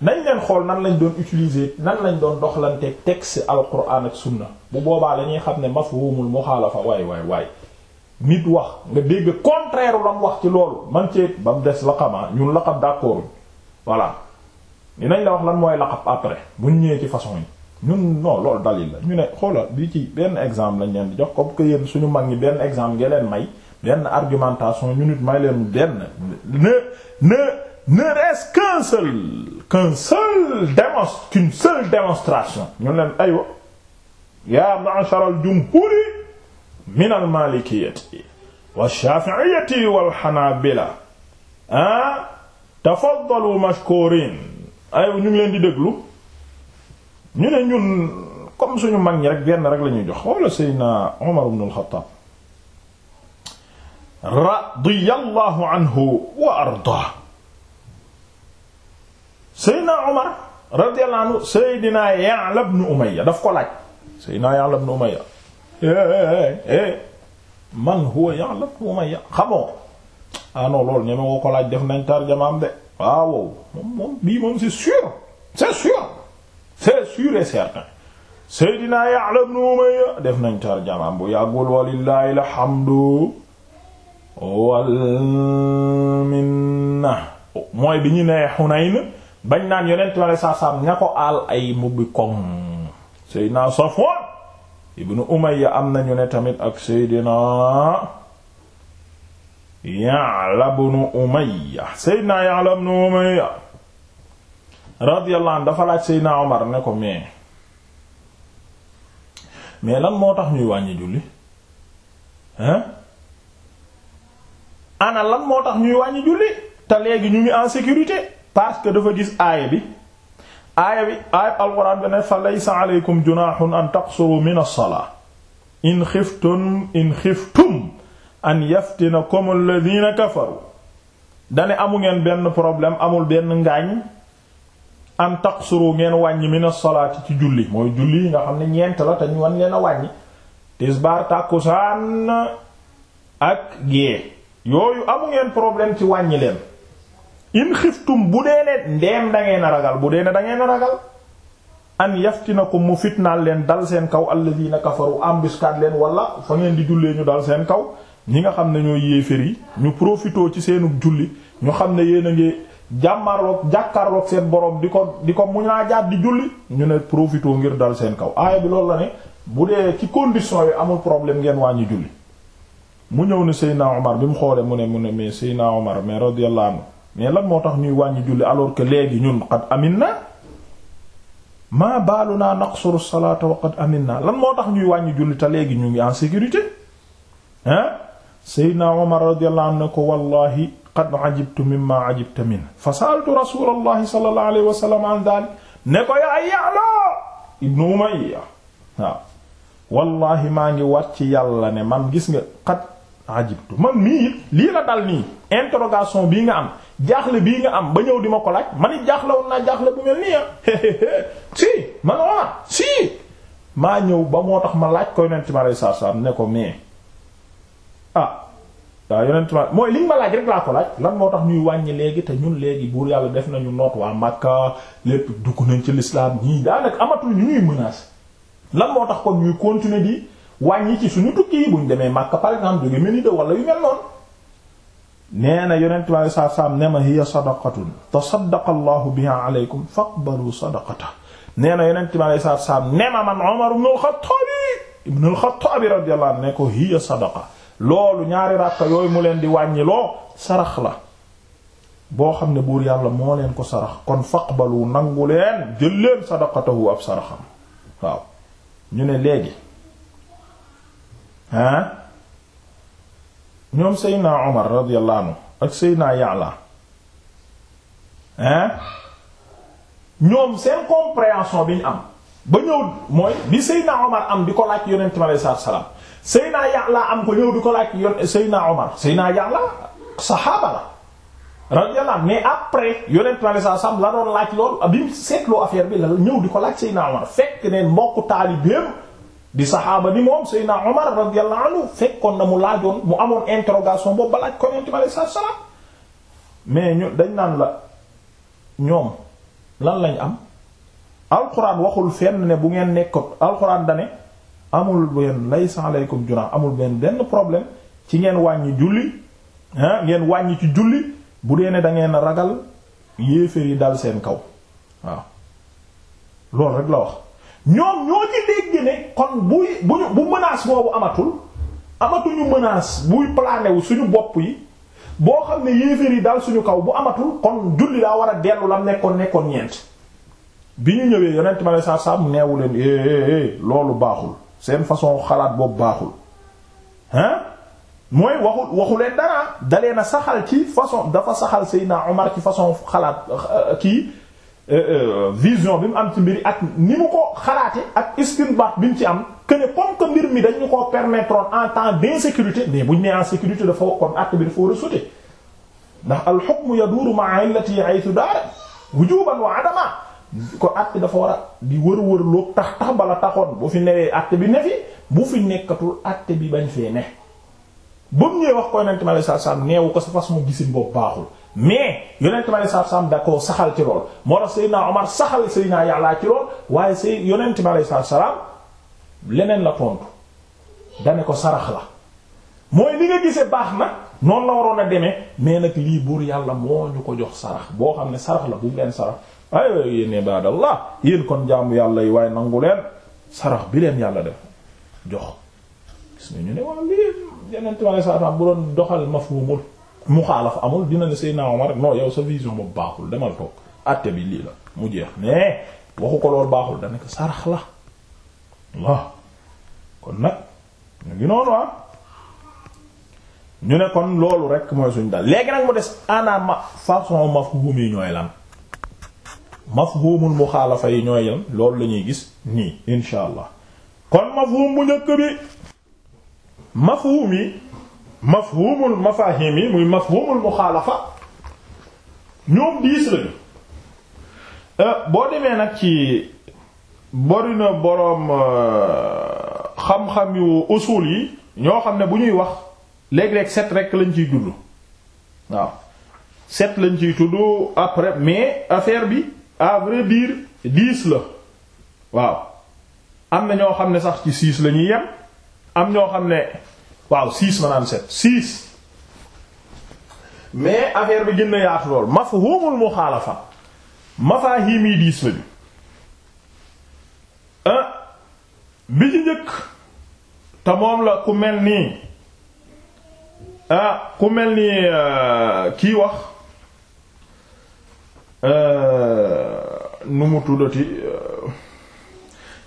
nañ leen xool nan lañ doon utiliser nan lañ doon doxlanteeg al alquran ak sunna bu boobaa lañuy xam ne mafhumul muxaalafa waay waay waay nit wax nga dégg contraire lam wax ci loolu man ci ba mu des laqama ah, ñun laqab d'accord voilà dinañ la wax lan mooy laqab après bu ñu ñëwee ci façon ñun non loolu dalil la ñu ne xoolal bii ci benn exemple lañ leen jox comme que yéen suñu mag ñi benn exemple nga leen may benn argumentation ñu nit may leen benn ne ne ne reste qu'un seul qu'un seul démonstre qu'une seule démonstration ñu leen aywa ya ma'shar al-jumhuri min al-malikiyyati wash-shafi'iyyati wal-hanabila ah mashkurin aywa ñu leen di déglu ñu ne ñun comme suñu mag ñi rek benn rek la ñuy jox wala Seydina Umar ibn al-Khattab radiyallahu anhu wa arda Seydina Omar radiyallahu anhu Seydina eh, eh, eh, ah, def nañ tarjamaam de waaw moom moom alhamdu wal minna mooy bi ñu nee bañ naan yonent ma ne saasaam ña ko aal ay mbubbi koŋ Seydina Safwan ibnu Umayya am nañu ne tamit ak Seydina Ya'la ibnu Umayya Seydina Ya'la ibnu Umayya radiyallahu anhu dafa laaj Seydina Omar ne ko mais mais lan moo tax ñuy wàññi julli hein ana lan moo tax ñuy wàññi julli te léegi ñu ngi en sécurité parce que dafa gis aaya bi aaya bi aaya alxuraan bi ne fa laysa aleykum junahun an taqsuru min as-salaa in xiftum in xiftum an yaftinakum alladhina kafaru dane amu ngeen benn problème amul benn ngaañ an taqsuru ngeen wàññi min as-salaati ci julli mooy julli nga xam ne ñeent la te ñu wan leen a wàññi tisbaar tàkkusaan ak gée yooyu amu ngeen problème ci wàññi leen in xiftum bu dee ne ndeem da ngeen ragal bu dee ne da ngeen a ragal na ko mu fitnaal leen dal seen kaw alladina kafaru embuscade leen wala fa ngeen di jullee ñu dal seen kaw ñi nga xam ne ñooy yéefér yi ñu profitoo ci seenu julli ñu xam ne yéen a ngi jàmmarloog jàkkaarlook seen borom di ko di ko mu naa jaar di julli ñu ne profitoo ngir dal seen kaw aaya bi loolu la ne bu dee ci condition yi amul problème ngeen wàññi julli mu ñëw ne Seydina Omar bi mu xoolee mu ne mu ne mais Seydina Omar mais mais lan moo tax ñuy wàññi julli alors que léegi ñun qad amin na maa baalu naa naqsuru salaata wa qad amin na lan moo tax ñuy wàññi julli te léegi ñu ngi en sécurité ah Seydina Omar radiyallahu anhu ne ko wallahi qad ajibtu mimma ajibta min fa sa'altu rasulallahi sallallahu alayhi wa sallam an dhalik ne ko yaa Ya'la ibnu Umayya waaw maa ngi wat ci yàlla ne man gis nga qad ajibtu man nii it lii la dal nii interrogation bii nga am jaaxle bii nga am ba ñëw di ma ko laaj man it jaaxle woon naa jaaxle bu mel nii ah [laughs] si man waa ah, si maa ñëw ba moo tax ma laaj ko yonent ma lay sarsam ne ko mais ah waaw yonent mooy li ma laaj rek laa ko laaj lan moo tax ñuy wàññi léegi te ñun léegi buur yàlla def nañu noot waa Makka lépp dugg nañ ci lislaam ñii daanaka amatul ñu ñuy menace lan moo tax kon ñuy continuer di. wàññi ci suñu tukki yi buñ demee Makka par exemple jóge Médina wala yu mel noonu nee na ma bi saa saam ne ma hiya sadaqatun tasaddaqa Allahu biha alaykum faqbalu sadaqata nee na yonent bi saa saam ne ma man Umar ibn al-Khattab ibn al-Khattab ne ko hiya sadaqa loolu ñaari ràkka yooyu mu leen di wàññi loo sarax la boo xam ne buur yàlla moo leen ko sarax kon faqbalu nangu leen jël leen sadaqatahu ab saraxam waaw ñu ne léegi ah ñoom Seydina Omar radiyallahu ñoom seen compréhension bi ñu am ba ñëw mooy bi Seydina Omar am di ko laaj yonent mi alayhi salaatu wa salaam Seydina Ya'la am ko ñëw di ko laaj yon Seydina Omar Seydina Ya'la saxaaba la radiyallahu mais après yonent mi la doon laaj loolu bi mu seetloo affaire bi la ñëw di ko laaj Seydina Omar fekk ne mbokku taalibeem di saxaaba ni moom naa Omar radiyallahu anhu fekkoon na mu laajoon mu amoon interrogation boob ba laaj ko Yonent bi sa salaam mais ñu dañ naan la ñoom lan lañ am alxuraan waxul fenn ne bu ngeen nekkoon alxuraan dane amul benn laysa alaykum junah amul benn benn problème ci ngeen wàññi julli ngeen wàññi ci julli bu dee ne da ngeen ragal yéeféer yi dal seen kaw waaw loolu rek la wax. ñoom ñoo ci dégg ne kon buy bu bu menace boobu amatul amatuñu menace buy plané suñu bopp yi boo xam ne yéeféer yi daal suñu kaw bu amatul kon julli daa war a dellu lam nekkoon nekkoon ñeent bi ñu ñëwee yonent ma lay saar saam neewu leen eh, eh, eh, loolu baaxul seen façon xalaat boobu baaxul hein mooy waxu waxu leen dalee na saxal ci façon dafa saxal Seydina Omar ci façon xalaat euh, kii Euh, euh, vision bi mu am ci mbiri ak ni mu ko xalaate ak istinbat bi mu ci am que ne comme mbir mi dañu ko permettre en temps d'insécurité mais buñ nee en sécurité dafa kon acte bi dafa war a sute ndax al hukm yaduru ma'a illati haythu daara wujuban wa adama ko acte dafa war a di wër-wër loog tax tax bala taxoon bu fi newee acte bi ne bu fi nekkatul acte bi bañ fee ne ba mu ñëwee wax koy nante mi alei sat neewu ko sa façon gisin boobu baaxul mais yonent bi saa saam da koo saxal ci lool moo tax naa Omar saxal Seydina yàllaa ci lool waaye Seydina yonent bi saa salaam leneen la tontu dane ko sarax la mooy li nga gisee baax na noon la waroon a demee mais nag lii buur yàlla moo ñu ko jox sarax boo xam ne sarax la bu mu leen sarax aywa yéen ibadallah yéen kon jaamu yàlla yi waaye nangu leen sarax bi leen yàlla def jox gis nga ñu ne waaw lii yonent bi saa saam bu doon doxal mafhumul mu xaalaf amul dina ne Seydina Omar non yow sa vision boobu baaxul demal toog àtte bi lii la mu jeex mais waxu ko loolu baaxul da nekk sarax la waaw kon nag ñu ngi noonu ah ñu ne kon loolu rek mooy suñ dal léegi nag mu des ana ma façon mafhum yi ñooy lan mafhumul muxaalafa yi ñooy lan loolu la ñuy gis nii insha kon mafhum bu njëkk bi mafhum yi mafhumul mafahim yi muy mafhumul muxaalafa ñoom diis lañu euh, boo demee nag ci bari na boroom euh, xam-xam yu usul yi ñoo xam ne bu ñuy wax léeg-léeg set rek lañ ciy tudd waaw set lañ ciy tudd après mais affaire bi à vrai dire dix la waaw am na ñoo xam ne sax ci six la yem am ñoo xam ne waaw six maanaam sept six mais affaire bi gën na yaatu lool mafhumul muxaalafa mafahim yi diis lañu ah bi ci njëkk te moom la ku mel nii ah, ku mel nii euh, kii wax euh, nu mu tuddati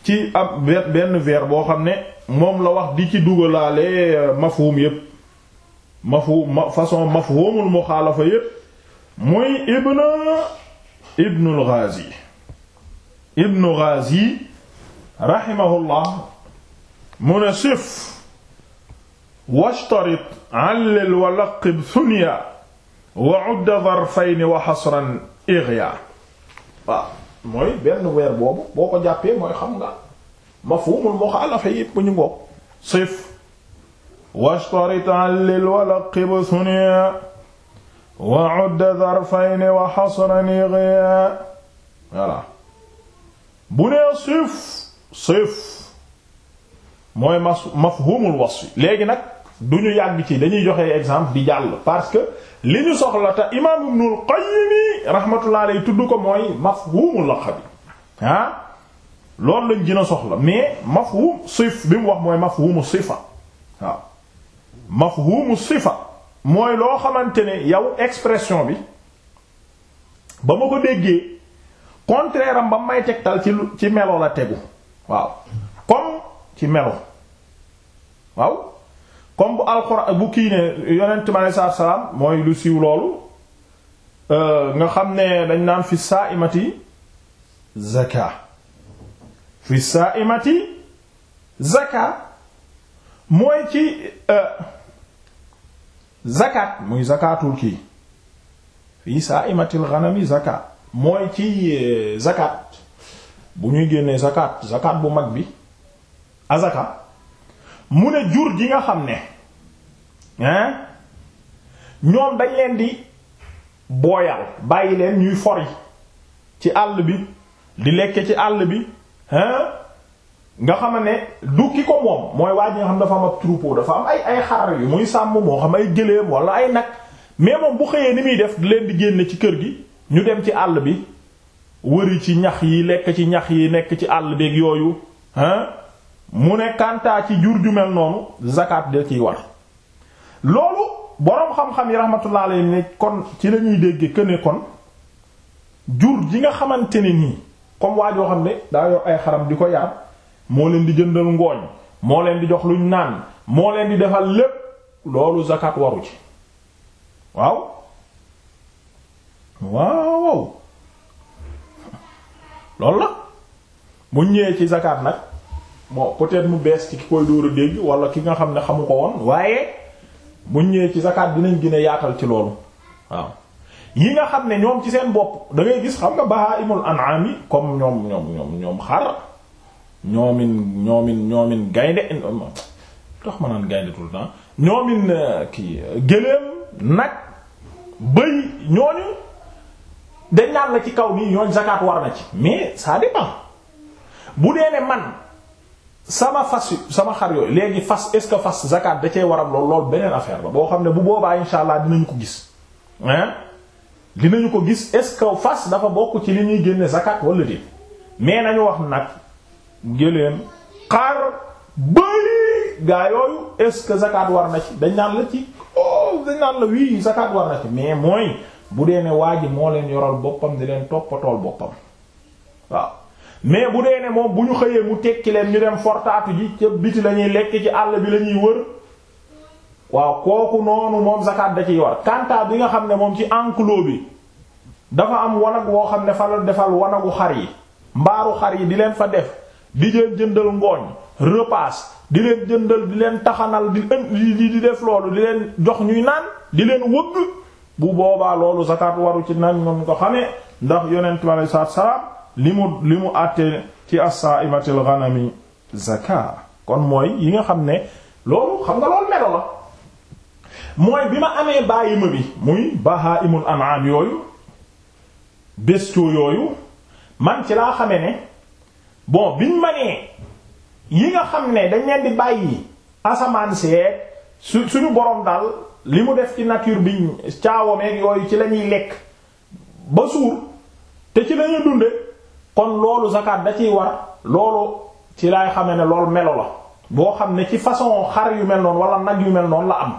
ci ab benn vers boo xam ne moom la wax di ci dugalaale euh, mafhum yépp mafhum façon mafhumul muxaalafa yépp muy ibn ibnul Ghazi ibnu Ghazi rahimahullah mu ne sif washtarit allil wa laqib thunya wa udd zarfayn wa hasran ighya mooy benn weer boobu boo ko jàppee mooy xam nga mafhumul muxaalafa yépp ñu ngoog sif washtaritan lil walaq bsuniya wa udda zarfayni wa hasrani ghiya voilà bu nee sif sif mooy mafhumul wasfi léegi nag du ñu yàgg ci dañuy joxe exemple di jàll parce que li ñu soxla te imaam Ibnul Qayyim rahmatullah alayhi tudd ko mooy mafhumul laqab bi ah loolu lañ gën a soxla mais mafhum sif bi mu wax mooy mafhumu sifa waaw mafhumu mooy loo xamante ne yow expression bi ba ma ko déggee contraire am ba may tegtal ci ci melo la tegu waaw comme ci melo waaw. comme bu alxuraan bu kii ne yonent bi alei mooy lu siiw loolu euh, nga xam ne dañ naan fi saa imati zaka fi saa imati zaka mooy ci euh, zakat muy zakatul kii fi saa imatil ghanami zakat mooy ci euh, zakat bu ñuy génnee zakat zakat bu mag bi azaka mu ne jur gi nga xam ne ñoom dañ leen di booyal bàyyi leen ñuy fori ci àll bi di lekke ci àll bi nga xam ne du ki ko moom mooy waa nga xam dafa am troupeau dafa am ay ay xar yu muy sàmm moo xam ay gëléem wala ay nag mais moom bu xëyee ni muy def di leen di génne ci kër gi ñu dem ci àll bi wëri ci ñax yi lekk ci ñax yi nekk ci àll beeg yooyu mu ne kantaa ci jur ju mel noonu zakat da ciy war loolu boroom xam-xam yi rahmatullah alayhi ne kon ci lañuy dégg que ne kon jur ji nga xamante ni nii comme waa joo xam ne daa yor ay xaram di ko yaar moo leen di jëndal ngooñ moo leen di jox luñ naan moo leen di defal lépp loolu zakat waru ci waaw waaw loolu la bu ñëwee ci zakat nag bon peut-être mu bees ci ki koy dóor a dégg wala ki nga xam ne xamu ko woon waaye bu ñëwee ci zakat dinañ gën a yaatal ci loolu waaw yi nga xam ne ñoom ci seen bopp dangay gis xam nga bahaimul an'am yi comme ñoom ñoom ñoom ñoom xar ñoomin ñoomin gaynde tax ma naan gaynde tout le temps ñoomin euh, kii gëléem nag bëy ñooñu dañ naan la ci kaw nii ñooñ zakat war na ci mais ça dépend bu dee ne man sama fas sama xar yooyu léegi fas est-ce que fas zakat da cee waram lool lool beneen affaire la boo xam ne bu boobaa insha allah dinañu ko gis hein dinañu ko gis est-ce que fas dafa bokk ci li ñuy génne zakat wala mais nañu wax nag gëléem xar bëri gaa yooyu ce que zakat war na ci dañ naan la ci oh dañ naan la wii zakat war na ci mais mooy bu dee ne waa ji moo leen yoral boppam di leen toppatool boppam mais bu dee ne moom bu ñu xëyee mu tekki leen ñu leen fortaatu ji ca biti la ñuy lekk ci àll bi la ñuy wër waaw kooku noonu moom zakat da ciy war kanta bi nga xam ne moom ci enclos bi dafa am wanag woo xam ne fa la defal wanagu xar yi mbaaru xar yi di leen fa def di leen jëndal ngooñ repas di leen jëndal di leen taxanal di di di def loolu di leen jox ñuy naan di leen wëgg bu boobaa loolu zakat waru ci nañ mun ko xamee ndax yonent bi aleyhi salaatu salaam li mu li mu àtte ci as-sa'imatil ghanami zakat kon mooy yi nga xam ne loolu xam nga loolu melo la mooy bi ma amee bàyyima bi muy bahaa'imul an'am yooyu bestiaux yooyu man ci laa xame ne bon biñ ma nee yi nga xam ne dañ leen di bàyyi asamaan seet su suñu borom daal li mu def ci nature bi caawameeg yooyu ci la lekk ba suur te ci lañuy dunde kon loolu zakat da ciy war loolu ci laay xamee ne loolu melo la boo xam ne ci façon xar yu mel noonu wala nag yu mel noonu la am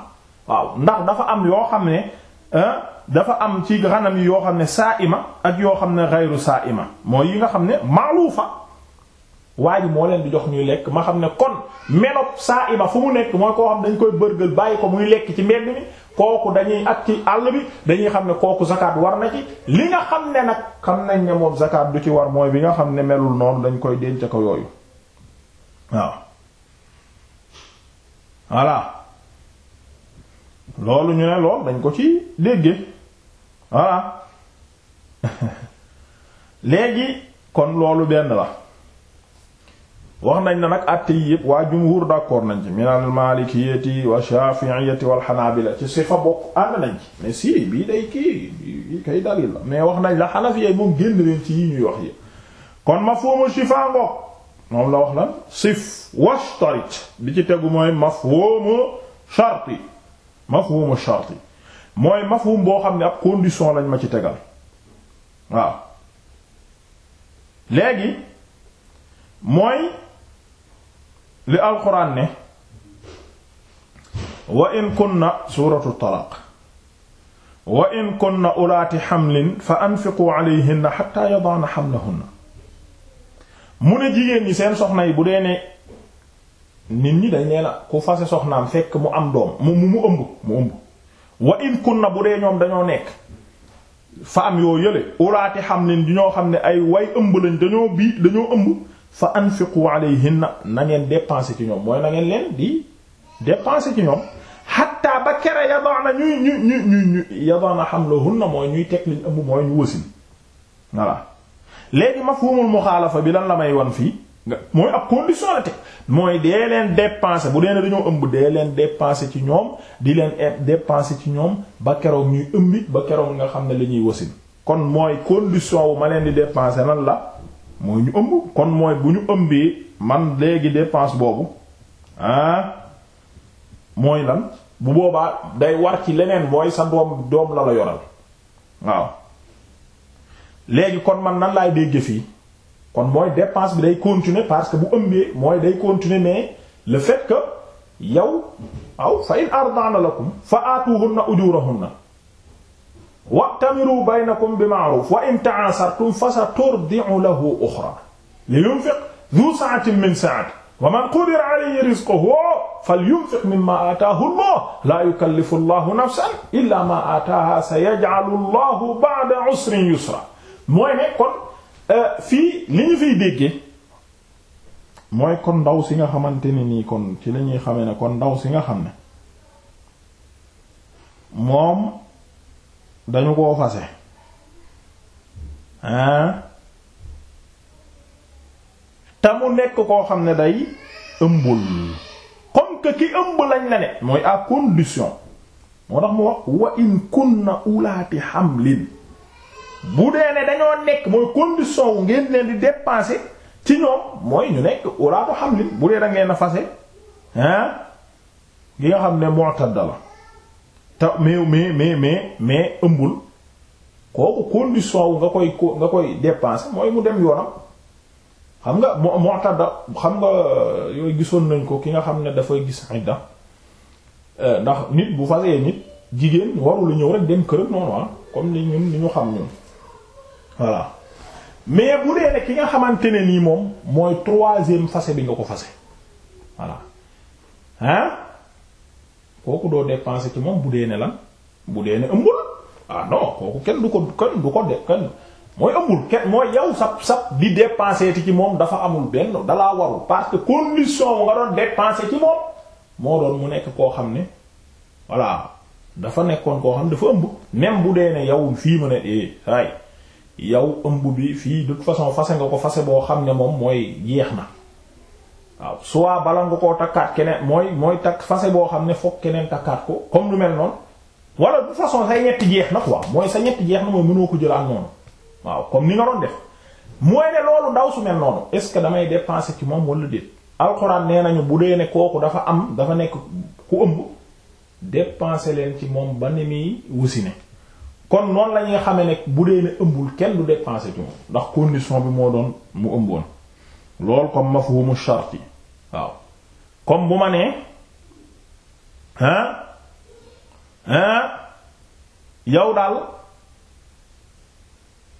waaw ndax dafa am yoo xam ne dafa am ci xanam yi yoo xam ne saa ima ak yoo xam ne xayru saa ima mooy yi nga xam ne maaluufa waa ji moo leen di jox ñuy lekk ma xam ne kon melop saa iba fu mu nekk mooy koo xam dañ koy bërgël bàyyi ko muy lekk ci mbedd mi kooku dañuy ak ci àll bi dañuy xam ne kooku zakat war na ci li nga xam ne nag xam nañ ne moom sakaat du ci war mooy bi nga xam ne melul noonu dañ koy denc ko yooyu waaw voilà loolu dañ ko ci dégge voilà [laughs] léegi kon loolu benn la wax nañ na nag àtte yi yëpp waa jumhur d'accord nañ ci min al malikiyati wa shafi'iyati wal hanabila ci sifa nañ ci mais bii day kii bii kay dalil la mais wax nañ la hanafiya moom génn leen ci yi ñuy wax yi kon mafhumu shifa ngoog moom la wax lan sif washtarit bi ci tegu mooy mafhumu sharti mafhumu sharti mooy mafhum boo xam ne ab condition lañ ma ci tegal waaw léegi mooy li alquran ne wa in kunna suuratu talaaq wa in kunna ulaati xamlin fa anfiqu alayhinna xatta yadaana xamlahunna mu ne jigéen ñi seen soxna yi bu dee ne nit ñi dañ nee na ku fase soxnaam fekk mu am doom mu mu ëmb mu ëmb wa in kunna bu dee ñoom dañoo nekk fa am yoo yële ulaati xamlin di ñoo xam ne ay way ëmb lañ dañoo bii dañoo ëmb fa anfiqu alayhinna na ngeen dépenser ci ñoom mooy na ngeen leen di dépenser ci ñoom xatta ba kere yadana ñuy ñu ñu ñu ñu yadana hamluhunna mooy ñuy teg liñ ëmb mooy ñu wasin voilà léegi mafhumul bi lan la may wan fii mooy ab condition mooy dee leen dépenser bu dee ne dañoo ëmb dee leen dépenser ci ñoom di leen dépenser ci ñoom ba keroog ñuy ëmbi ba keroog nga xam ne la ñuy wasin kon mooy condition wu ma leen di dépenser nan la mooy ñu ëmb kon mooy bu ñu ëmbee man léegi dépense boobu ah mooy lan bu boobaa day war ci leneen mooy sa doom doom la la yoral waaw léegi kon man nan laay dégg fii kon mooy dépense bi day continuer parce que bu ëmbee mooy day continuer mais le fait que yow aw fa in arda'na lakum fa aatuhunna na wa'tamiru baynakum bi ma'ruf wa in ta'asartum fa saturdi'u lahu ukhra liyunfiq dhu sa'atin min sa'atihi wa man qudira 'alayhi rizquhu falyunfiq mimma ataahu Allah la yukallifu Allahu nafsan illa ma ataaha sayaj'alu Allahu ba'da 'usrin yusra mooy ne kon euh, fii li ñu fiy déggee mooy kon ndaw si nga xamante ne nii kon ci la ñuy xamee ne kon ndaw si nga xam ne moom. dañu koo fase hein te mu nekk koo xam ne day ëmbul comme que ki ëmb lañ la ne mooy à condition moo tax mu wax wa in kunna ulaati hamlin bu dee ne dañoo nekk mooy condition wu ngeen leen di dépasser ci ñoom mooy ñu nekk ulaatu hamlin bu dee da fase hein gi nga xam ne mu'tadda la te mais mais mais mais mais ëmbul kooku condition wu nga koy nga koy dépenser mooy mu dem yoonam xam nga moo moo tax da xam nga euh, yooyu gisoon nañ ko ki nga xam ne dafay gis idda euh, ndax nit bu fasee nit jigéen warul ñëw rek dem këram noonu ah comme ni ñun ni ñu xam ñun voilà mais bu dee ne ki nga xamante ne nii moom mooy troisième fase bi nga ko fase voilà hein kooku doo dépenser ci moom bu dee ne lan bu dee ne ëmbul ah non kooku kenn du ko kenn du ko de kenn mooy ëmbul kenn mooy yow sab sab di dépenser ci moom dafa amul benn dalaa warul parce que condition nga doon dépenser ci moom moo doon mu nekk koo xam ne voilà dafa nekkoon koo xam ne dafa ëmb même bu dee ne yow fii ma ne eh ay yow ëmb bi fii de façon fase nga ko fase boo xam ne moom mooy jeex na. waaw soit bala nga koo takkaat keneen mooy mooy takk fase boo xam ne foog keneen takkaat ko comme lu mel noonu wala de façon say ñetti jeex na quoi mooy sa ñetti jeex na mooy mënoo ko jëlaat noonu waaw comme ni def mooy loolu ndaw su mel noonu est ce que damay dépenser ci moom wala déet alxuraan nee nañu bu dee kooku dafa am dafa nekk ku ëmb dépenser leen ci moom ba ni muy wusi kon noonu la ñuy xamee ne bu dee ne ëmbul kenn du dépenser ci moom ndax condition bi moo doon mu ëmboon loolu comme mafhumu sharti waaw comme bu ma nee hein hein yow daal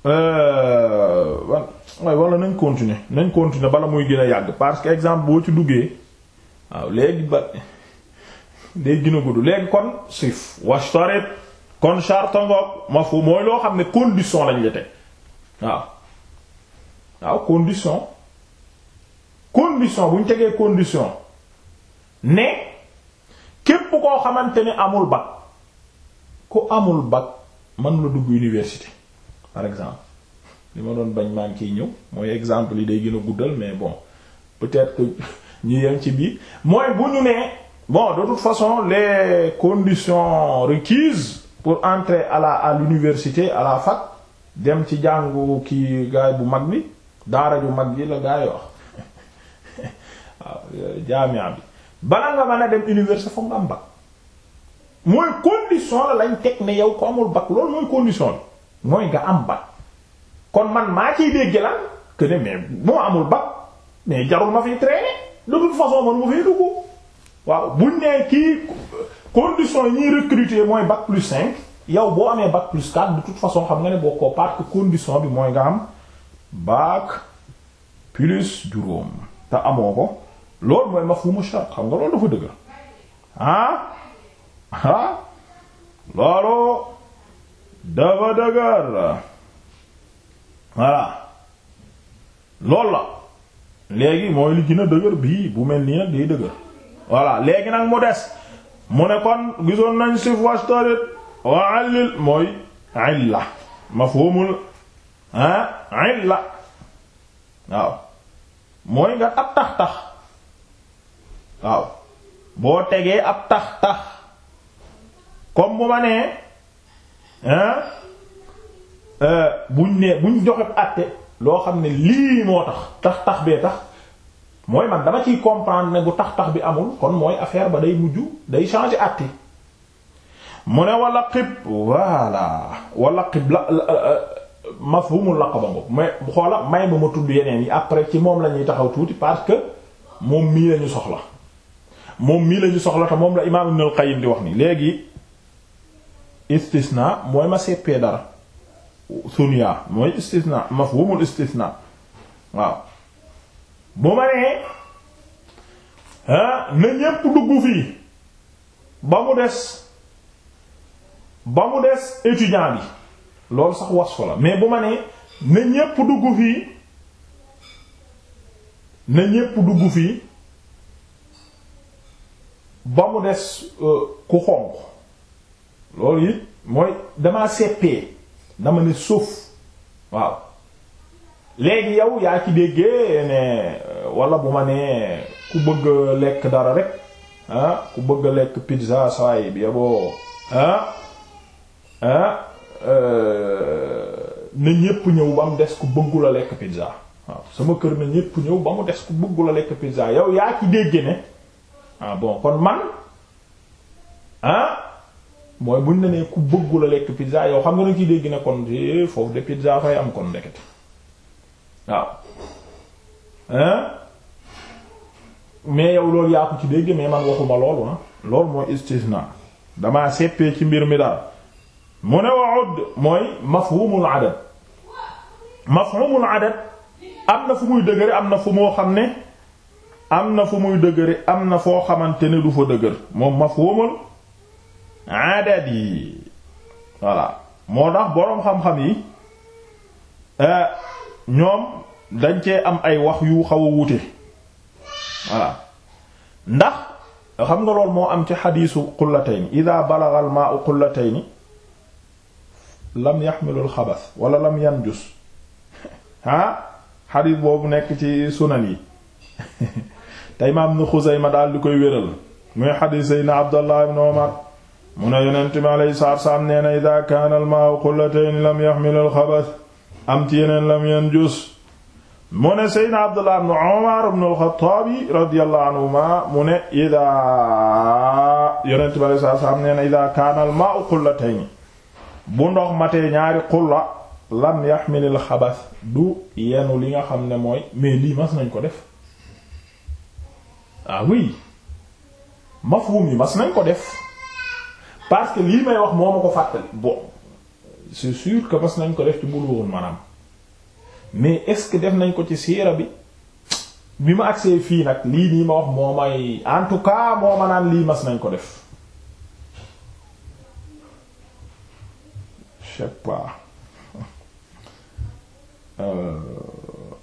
euh, waaye wala nañ continuer nañ continuer bala muy gën a yàgg parce que exemple boo ci duggee waaw léegi ba day gën a gudd léegi kon sif washtarit kon charte ngoog ma fu mooy loo xam ne condition lañ la teg waaw waaw condition condition bu ñu tegee condition ne képp koo xamante ni amul bac ku amul bac man la dugg université par exemple li ma doon bañ maa ngi ciy ñëw mooy exemple yi day gën a guddal mais bon peut-être que [laughs] ñu ci biir mooy bu ñu bon de façon les conditions requises pour entrer à la à l'université à la fac dem ci jàngu kii gaay bu mag bi daara ju mag bi la gaay wax waaw jaamia bi bala nga mën a dem université foog nga am bac mooy condition la lañ teg ne yow ko amul bac loolu mooy condition bi mooy nga am bac kon man maa ciy dégg lan que ne amul bac mais jarul ma fiy traîner waaw buñ nee kii condition yi ñuy mooy bac plus cinq yow boo amee bac plus quatre façon xam nga ne boo ko parce que condition mooy nga am bac plus juróom te amoo ko. loolu mooy mafhumu shart xam nga loolu dafa dëgër ah ah la léegi mooy li a dëgër bii bu mel nii nag day dëgër voilà léegi nag mu des mu ne kon gisoon nañ si washtarit wa allil mooy illa mafhumul ah illa waaw mooy nga ab tax tax waaw boo tegee ab tax tax comme bu ma nee euh, buñ nee buñ joxe àtte loo xam ne lii moo tax tax tax bee tax mooy man dama ciy comprendre ne bu tax tax bi amul kon mooy affaire ba day mujj day changer àtte mu ne wala xib voilà wala xib la euh, mafhumul laqaba ngo mais xoola may ma ma tudd yeneen yi après ci moom la ñuy taxaw tuuti parce que moom mii lañu soxla moom mii lañu soxla te moom la imaam Ibn al-Qayyim di wax ni léegi istisna mooy ma seppee dara sunya mooy istisna mafhumul istisna waaw bu ma nee ah ñépp dugg fii ba mu des ba mu des étudiant bi loolu sax was fa la mais bu ma nee na ñépp dugg fii ne ñépp dugg fii ba mu des euh, ku xonq loolu it mooy damaa seppee dama ne suuf waaw léegi yow yaa ci déggee ne euh, wala bu ma nee ku bëgg a lekk dara rek ah ku bëgg a lekk pizza saay bi yaboo ah ah euh, na ñépp ñëw ba mu des ku bëggu la lekk pizza waaw sama kër na ñépp ñëw ba mu des ku bëggu la lekk pizza yow yaa ci dégg ne. Ah, bon kon man ah mooy buñ ne nee ku bëggu lekk pizza yow xam nga na ciy dégg ne kon eh, foofu de pizza fay am kon ndeket waaw ah yow loolu yaa ci dégg mais man waxuma loolu ah loolu mooy istisna damaa seppee ci mbir mi daal mu ne wa'ud mooy mafhumul adad mafhumul adad am na fu muy dëgëre am na fu moo xam ne am na fu muy dëgëre am na foo xamante ne du fa dëgër moom ma mafhumul adat yi voilà moo tax boroom xam-xam yi euh, ñoom dañ cee am ay wax yu xaw a wuute voilà ndax xam nga lool moo am ci xadiisu qullatayn ida balagha al ma'u qullatayn lam yaxmilu xabas wala lam yanjus ah [laughs] xadiis boobu nekk ci sunan yi [laughs] te imaam ibn Xuzayma daal di koy wéral muy xadiis Seydina Abdallah ibn Umar mu ne yonent bi alayhi salaatu salaam nee na kaana al-maa'u lam yaxmil al am ci lam yanjus mu ne Seydina Abdallah ibn Umar ibn al-Xattaab radiyallahu mu ne idaa yonent bi alayhi salaatu salaam nee na idaa kaana al-maa'u bu ndox matee ñaari xulla lam yaxmil al-xabas du yenu li nga xam ne mooy mais lii mas nañ ko def. ah oui mafhum yi mas nañ ko def parce que lii may wax moo ma ko fàttali bon c'est sûr que mas nañ ko def ci bulughul maanaam mais est-ce que def nañ ko ci siira bi bi ma agsee fii nag lii nii ma wax moo may en tout cas moo ma naan lii mas nañ ko def je sais [laughs]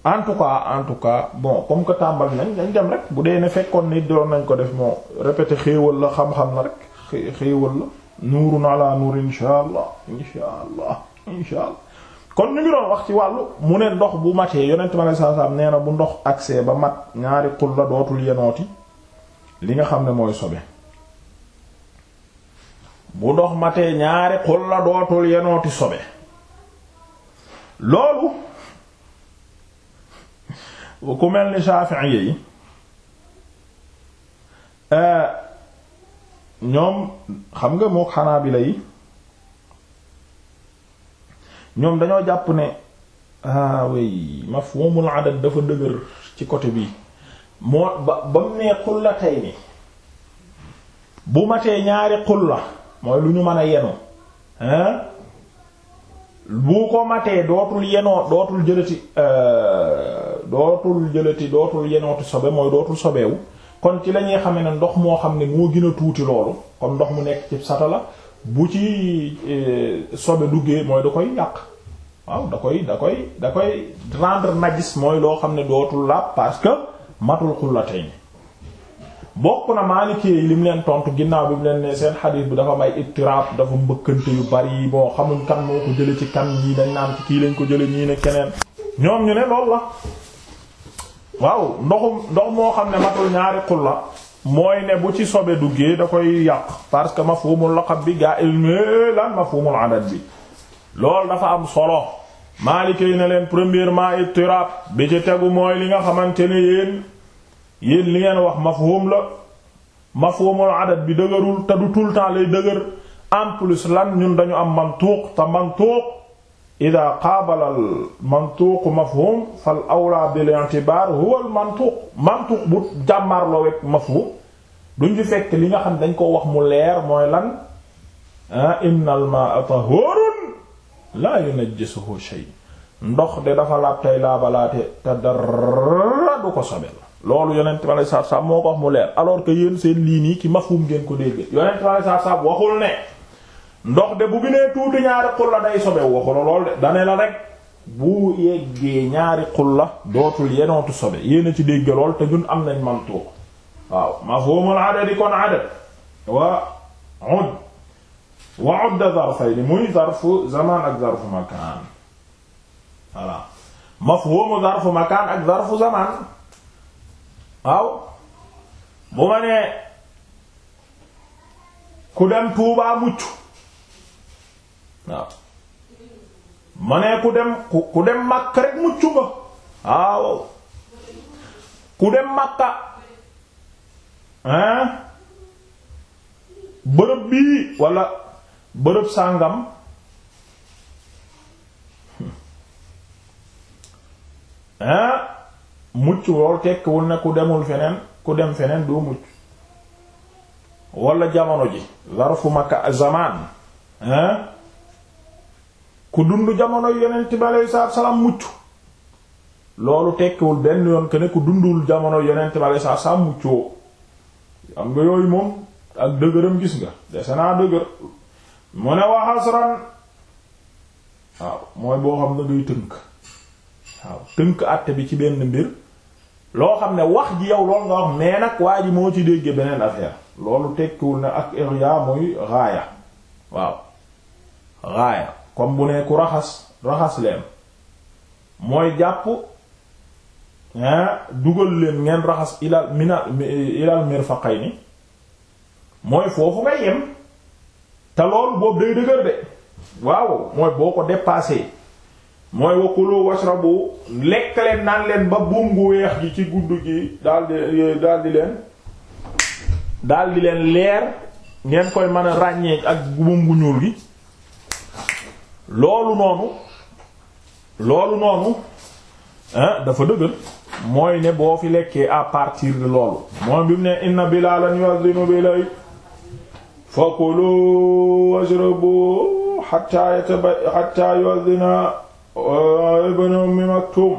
en tout cas en tout cas bon comme que tàmbali nañ dañ dem rek bu dee ne fekkoon ni doon nañ ko def moo répété xéewal la xam-xam la rek xéewal la nuurun ala nuur insha allah insha allah insha allah kon ñu ngi doon wax ci wàllu mu ne ndox bu matee yonent ma lay saasaam nee na bu ndox agsee ba mat ñaari xul la dootul yenooti li nga xam ne mooy sobe bu ndox matee ñaari xul la dootul yenooti sobe loolu ku mel ni Shafi'i yi euh, ñoom xam nga mook Hanabila yi ñoom dañoo jàpp ne ah oui mafhumul adad dafa dëgër ci côté bi moo ba ba mu nee xulla tey ni bu matee ñaari la mooy lu ñu mën a yenu hein bu ko matee dootul yenoo dootul jëlati euh, dootul jëlati dootul yenooti sobe mooy dootul sobeewu kon ci la ñuy xamee ne ndox moo xam ne moo gën a tuuti loolu comme ndox mu nekk ci sata la bu ci e, sobe duggee mooy da koy yàq waaw da koy da koy da koy rendre najis mooy loo xam ne dootul la parce que matul xullatey ni bokk na maalikee yi lim leen tontu ginnaaw bi mu leen ne seen xadiis bi dafa may ittiraab dafa mbëkkante yu bari boo xamuñ kan moo ko jële ci kan ñii dañ naan ci kii lañ ko jële ñii ne keneen ñoom ñu la waaw ndoxu ndox moo xam ne matul ñaari xulla mooy ne bu ci sobe duggee da koy yàq parce que mafhumul laqab bi gaa ilmee lan mafhumul adad bi loolu dafa am solo maalikee yi ne leen premièrement ittirab bi ci tegu mooy li nga xamante ne yéen yéen li ngeen wax ma mafhum la ma mafhumul adad bi dëgërul te du tout le temps lay dëgër en lan ñun dañu am mantuq te mantuq ida qaabala al mantuuq mafhum fal awlaa bil i'tibaar huwa al bu jàmmarloo wekk mafhum duñ ci fekk li nga xam dañ ko wax mu leer mooy lan ah, innal maa'a tahuurun laa yunajjisuhu shay ndox de dafa laab tey laabalaate te dara du ko sobel loolu yonent bi alayhi moo ko wax mu leer alors que yéen seen lii nii ci mafhum ngeen ko dégg yonent bi alayhi waxul ne ndox de bu gënee tuuti ñaari xulla day sobe waxula lool de dane la rek bu yeggee ñaari xulla dootul yenootu sobe yéena ci dégg lool te ñun am nañ mantuux waaw mafhumul zarfu ak zarfu makaan voilà mafhumu zarfu makaan ak zarfu zaman waaw bu ma nee ku dem Tuubaa mucc waaw ma ne ku dem ku dem Makka rek mucc nga waaw ku dem Makka hein bërëb bii walla bërëb sàngam hein mucc lool tekkiwul ne ku demul feneen ku dem feneen doo mucc walla jamono ji zarfu Makka zamaan hein ku dund jamono yonent bi aleyhi salaatu salaam mucc loolu tekkiwul benn yoon que ne ku dundul jamono yonent bi aleyhi salaatu salaam muccoo am nga yooyu moom ak dëgëram gis nga dese naa dëgër mu ne wa hasran waaw mooy boo xam ne duy tënk waaw tënk àtte bi ci benn mbir loo xam ne wax ji yow loolu nga wax mais nag waa ji moo ci déggee beneen affaire loolu tekkiwul ne ak irya mooy raaya waaw raaya comme bu ne ku raxas raxas leen mooy jàpp dugal leen ngeen raxas ilal minal ilal mirfaqayni mooy foofu nga yem te loolu boobu day dëgër de waaw mooy boo ko dépassé mooy wakulu washrabu lekk leen naan leen ba buum gu weex gi ci gudd gi daal di daal di leen daal leen leer ngeen koy mën a ràññee ak buum gu ñuul gi loolu noonu loolu noonu dafa dëgër mooy ne boo fi lekkee à partir de loolu moom bi mu ne inna bilalan yu'adhdhinu bi lay fakulu washrabu hatta yataba hatta yu'adhdhina uh, ibn ummi maktum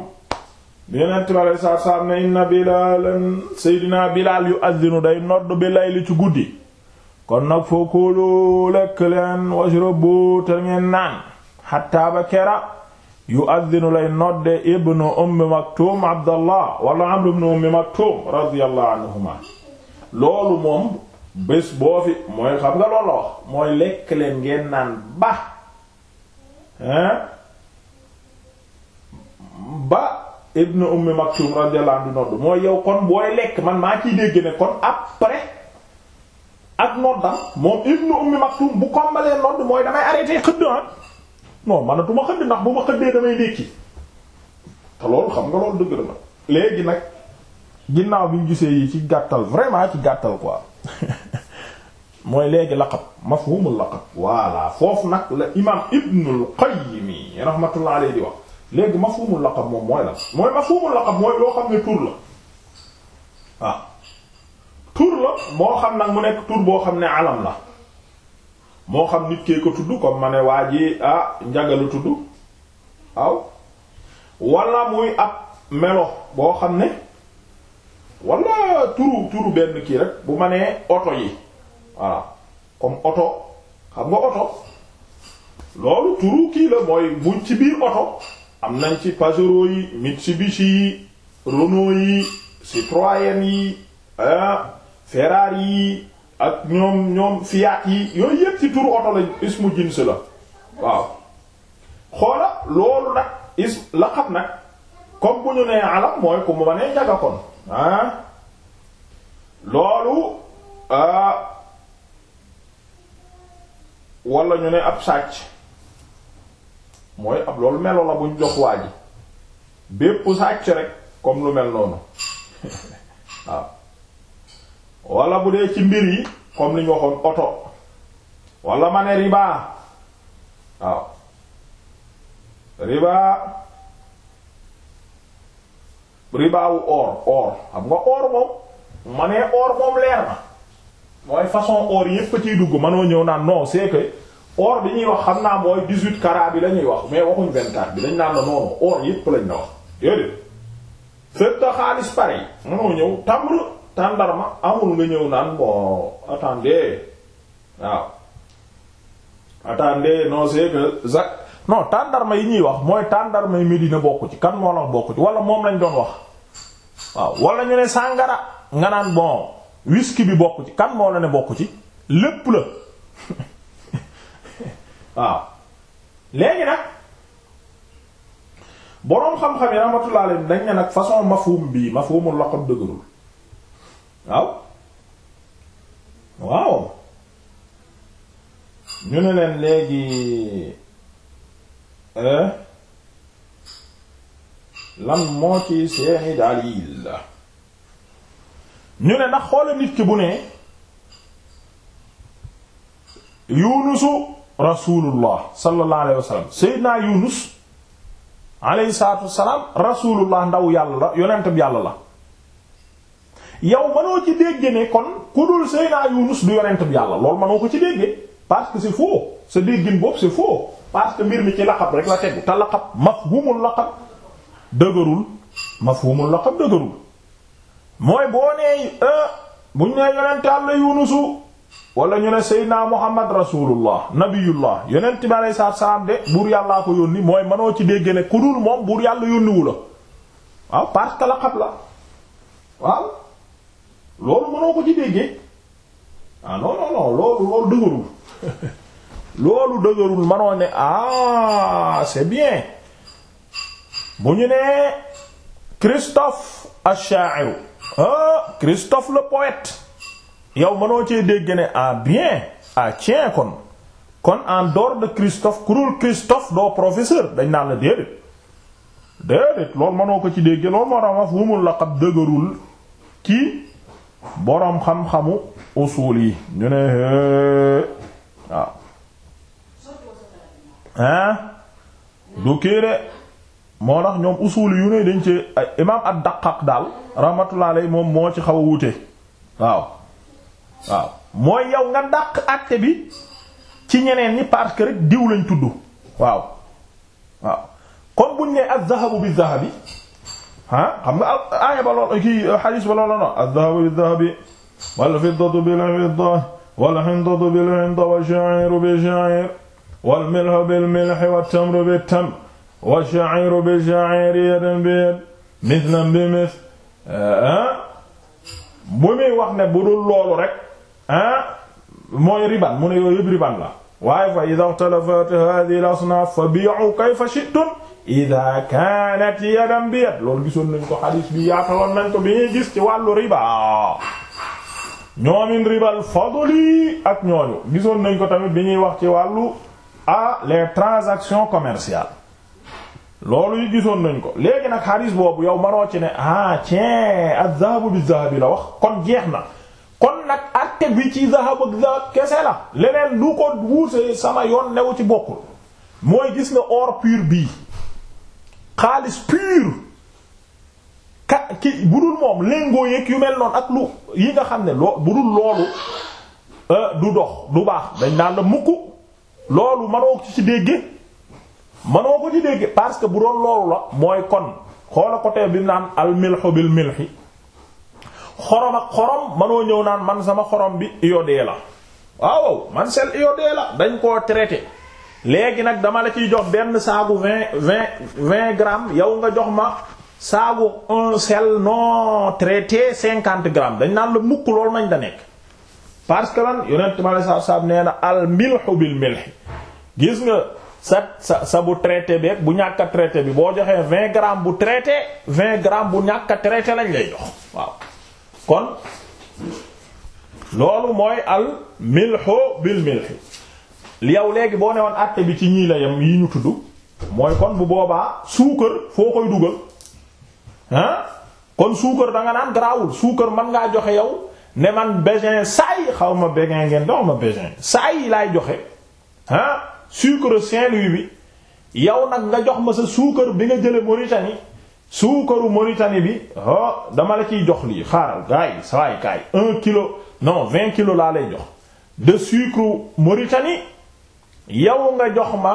yenent bi alei saatu salaam ne inna bilalan seydina bilal yu'adhdhinu day nodd bi layli ci guddi kon nag fakulu lekk leen washrabu te xatta ba kera yu addinu lay nodde ibnu ummi maktum abdallah loolu moom bés boo fi mooy xam nga loolu mooy lekk leen ngeen naan ba hein ba ibnu ummi maktum radiyallahu anhu yow kon booy lekk man maa ciy dégg ne kon après ak noddam moom ibnu ummi maktum bu kombalee nodd mooy damay arrêté xëdd non manatuma xëdd ndax bu ma xëddee damay dékki te xam nga loolu dëgg la léegi nag ginnaaw bi gisee yi ci gàttal vraiment ci gàttal quoi [laughs] mooy léegi laqab mafhumul laqab voilà foofu nag la imam ibnul qayyim rahmatullah alayhi di wax léegi mafhumul laqab moom mooy la mooy mafhumul laqab mooy loo xam ne tur la waaw ah. tur la moo xam nag mu nekk tur boo xam ne alam la moo xam nit kee ko tudd comme ma ne waa ji ah njagalu tudd waaw wala muy ab melo boo xam ne wala turu turu benn kii rek bu ma nee oto yi voilà comme oto xam nga oto loolu turu kii la mooy buñ ci biir oto am nañ ci Pajero yi Mitsubishi yi Renault yi Citroën yi Ferrari yi ak ñoom ñoom fiyaat yi yooyu yëpp ci turu oto lañ ismu la waaw xoola loolu nag is laqab nag comme bu ñu nee alam mooy ku mu ma nee njaga kon ah. loolu ah, wala ñu ne ab sàcc mooy ab loolu melo la buñ jox waa ji bépp sàcc rek comme lu mel noonu [laughs] waaw wala bu dee ci mbir yi comme ni ñu waxoon oto wala ma ne riba waaw riba riba or or xam nga or moom ma nee or moom leer na mooy façon or yépp ciy dugg mënoo ñëw naan non c'est que or bi ñuy wax xam naa mooy dix-huit bi lañuy wax mais waxuñ vingt bi dañ naan la noonu or yépp lañ na wax déedéet fép xaalis pare mënoo ñëw tamr tàndarma amul nga ñëw naan bon attendez waaw attendez non c'est que zac tàndarma yi ñuy wax mooy tàndarma yi Medina bokku ci kan moo la bokku ci wala moom lañ doon wax waaw wala ñu ne sàngara nga naan bon whisky bi bokku ci kan moo la ne bokku ci lépp la [laughs] waaw léegi nag boroom xam-xam yi rahmatullah alayhi dañ ne nag façon mafhum bii mafhumul laqab dëgërul waaw waaw ñu ne leen léegi euh, lan moo ci seeni dalil la ñu ne ndax xoola nit ki bu ne yunusu rasulullah sallallahu alayhi wa sallam seydinaa yunus alayhi salaatu wa salaam rasulullah ndaw yàlla la yonentam yàlla la yow mënoo ci dégg ne kon ku dul Seydina Yunus du yonent bi yàlla loolu mënoo ko ci dégg parce que c'est faux sa déggin boobu c'est faux parce que mbir mi ci laqab rek la tegu te laqab mafhumul laqab dëgërul laqab dëgërul mooy boo nee euh, buñ nee yonent yàlla Yunusu wala ñu ne Seydina Muhammad rasulullah nabiyullah yonent bi alayhi salaatu salaam de buur yàllaa ko yónni mooy mënoo ci dégg ne ku moom buur yàlla yónniwu la waaw parce laqab la waaw. loolu mënoo ko ci déggee ah non loolu loolu dëgërul [laughs] loolu dëgërul mënoo ne ah c'est bien bu ñu nee Christophe ash-sha'ir ah Christophe le poète yow mënoo cee dégg ne ah bien ah tiens kon kon en dehors de Christophe kurul Christophe doo professeur dañ naan la déedéet déedéet loolu mënoo ko ci dégg loolu moo tax mafhumul laqab dëgërul kii. boroom xam-xamu usul yi ñu ne waaw hein du kii de moo tax ñoom usul yu ne dañ ci imaam ad-Daqaq daal rahmatullah moom moo ci xaw a wuute waaw waaw mooy yow nga dàq àtte bi ci ñeneen ñi parce que rek diw lañ tudd waaw waaw comme buñ ne az-zahabu bi-zahabi ah xam nga aaya ba lool kii xadiis ba lool noonu addahabu biddahabi walfiddatu bilfidda walxintatu bilxinta walshaciru bilshacir walmilxu bilmilxi wattamru bittamr walshaciru bilshaciri yadan bi yad mislan bi mis bu muy wax ne bu dul loolu rek ah mooy riban mu ne yooyu yëpp riban la waaye fa ida xtalafat hadihi l asnaaf fa bii'u kayfa shi'tum ida kanat yadan bi yad loolu gisoon nañ ko xadiis bi yaatawoon nañ ko bi ñuy gis ci wàllu riba ñoomin ribal fadli ak ñooñu gisoon nañ ko tamit bi ñuy wax ci wàllu a les transactions commerciales loolu yi gisoon nañ ko léegi nag xadiis boobu yow maroo ci ne ah tiens az-zahabu bi-zahabi la wax kon jeex na kon nag acte bi ci zahab ak zahab kese la leneen lu ko wuute sama yoon newu ci bokkul mooy gis nga or pur bii xaalis pur ka ki bu dul moom léngoo yeeg yu mel noonu ak lu yi nga xam ne loo bu dul loolu euh, du dox du baax dañ naan la mukk loolu manoo ko ci dégge manoo ko ci dégge parce que bu doon loolu la mooy kon xoola côté bi naan al milhu bil milhi xorom ak xorom manoo ñëw naan man sama xorom bi iodé la waaw man sel iodé la dañ koo traité léegi nag dama la ciy jox benn saagu vingt vingt vingt grammes yow nga jox ma saagu un sel non traité cinquante grammes dañ naan la mukk loolu mañ da nekk parce que lan yonent ma la saab saab nee na al milhu bil milhi gis nga sa sa sa bu traité bi bu ñàkk a bi boo joxee vingt grammes bu traité vingt gramme bu ñàkk a lañ lay jox waaw kon loolu mooy al milxu bil milxi yow léegi boo newoon àtte bi ci ñii la yem yi ñu tudd mooy kon bu boobaa suukar foo koy dugal ah kon suukar danga naan garaawul suukar man ngaa joxe yow ne man besin saay xaw ma besin ngeen dox ma besin saay laay joxe ah sucre Saint-Louis bi yow nag nga jox ma sa suukar bi nga jële Mauritanie suukaru Mauritanie bi dama la ciy jox lii xaaral gaay sawaay kaay un kilo non vingt kilos laa lay jox de sucre Mauritanie yow nga jox ma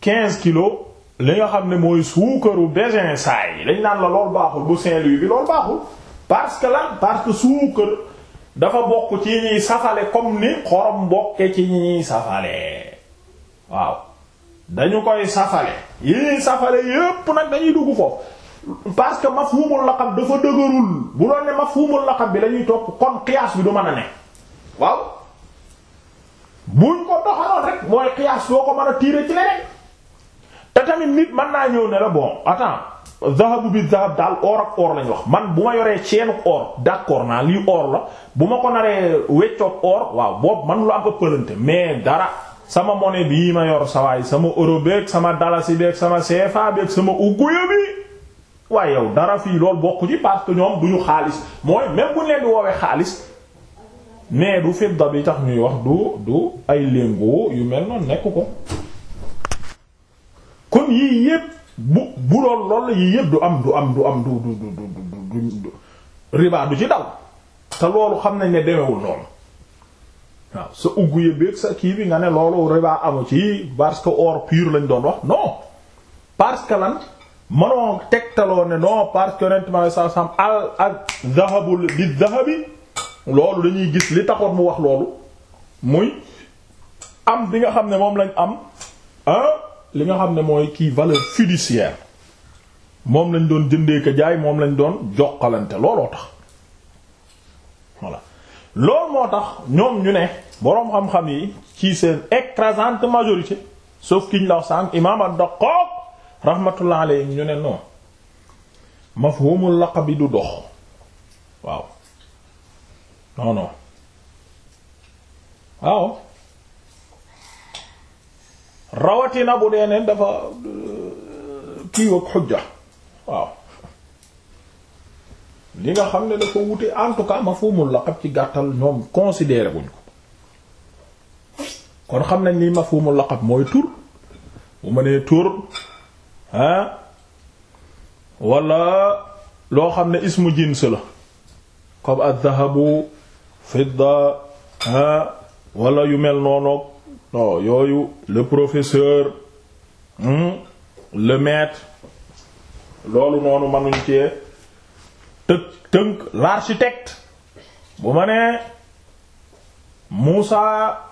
quinze kilos li nga xam ne mooy suukaru Béjain saay dañ naan la lool baaxul bu Saint-Louis bi lool baaxul parce que lan parce que suukar dafa bokk ci ñuy safale comme ni xorom bokke ci ñuy safale waaw dañu koy safale yi safale yépp nag dañuy dugg foofu parce que mafhumul laqab dafa dëgërul bu doon ne mafhumul laqab bi la ñuy topp kon qiyaas bi du man a ne waaw buñ ko doxaloon rek mooy qiyaas doo ko man a tiire ci leneen te tamit nit mën naa ñëw ne la bon attends zahabu bi daal or ak or lañ wax man bu ma yoree ceenu or d'accord naa lii or la bu ma ko naree weccoog or waaw boobu man lu am ëppalante mais dara sama monnaie bii ma yor sawaay sama euro beeg sama dalasi beeg sama CFA beeg sama uguya bi waaye yow dara fii loolu bokku ci parce que ñoom du ñu xaalis mooy même xaalis mais du fidda bi tax ñuy wax du du ay lingots yu mel noonu nekk ko kon yii yépp bu bu lool lool yii yépp du am du am du am du du du du du riba du ci daw te loolu xam nañ ne demewul noonu waaw sa uguye bi ak sa kii bi nga ne loolu riba amu ci parce que or pur lañ doon wax non parce que lan mënoo tegtaloo ne non parce que yonent ma sa sam al ak dahabul di dahabi loolu dañuy gis li taxoon mu wax loolu muy am bi nga xam ne moom lañ am ah li nga xam ne mooy kii valeur fiduciaire moom lañ doon jëndee ko jaay moom lañ doon jokkalante looloo tax loolu moo tax ñoom ñu ne boroom xam-xam yi ci seen écrasante majorité sauf ki ñu la wax sànq imaam ad-Daqaq rahmatullah alayhi ñu ne non mafhumul laqab bi du dox waaw non non waaw rawatina bu dee ne dafa euh, kii xujja waaw. li nga xam ne dafa wute en tout cas mafhumul laqab ci gàttal ñoom considéré wuñ ko kon xam nañ ni mafhumul laqab mooy tur bu ma nee tur ah wala loo xam ne ismu jins la comme ak dhahabu fidda ah wala yu mel noonoog non yooyu le professeur hmm? le maître loolu noonu mënuñ cee të tënk l'architecte bu ma nee Moussa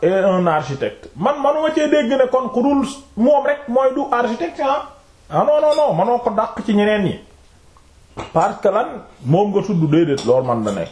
est un architecte man manuma cee dégg ne kon ku dul moom rek mooy du architecte ah ah non non non manoo ko dàq ci ñeneen yi parce que lan moom nga tudd déedéet loolu man da nekk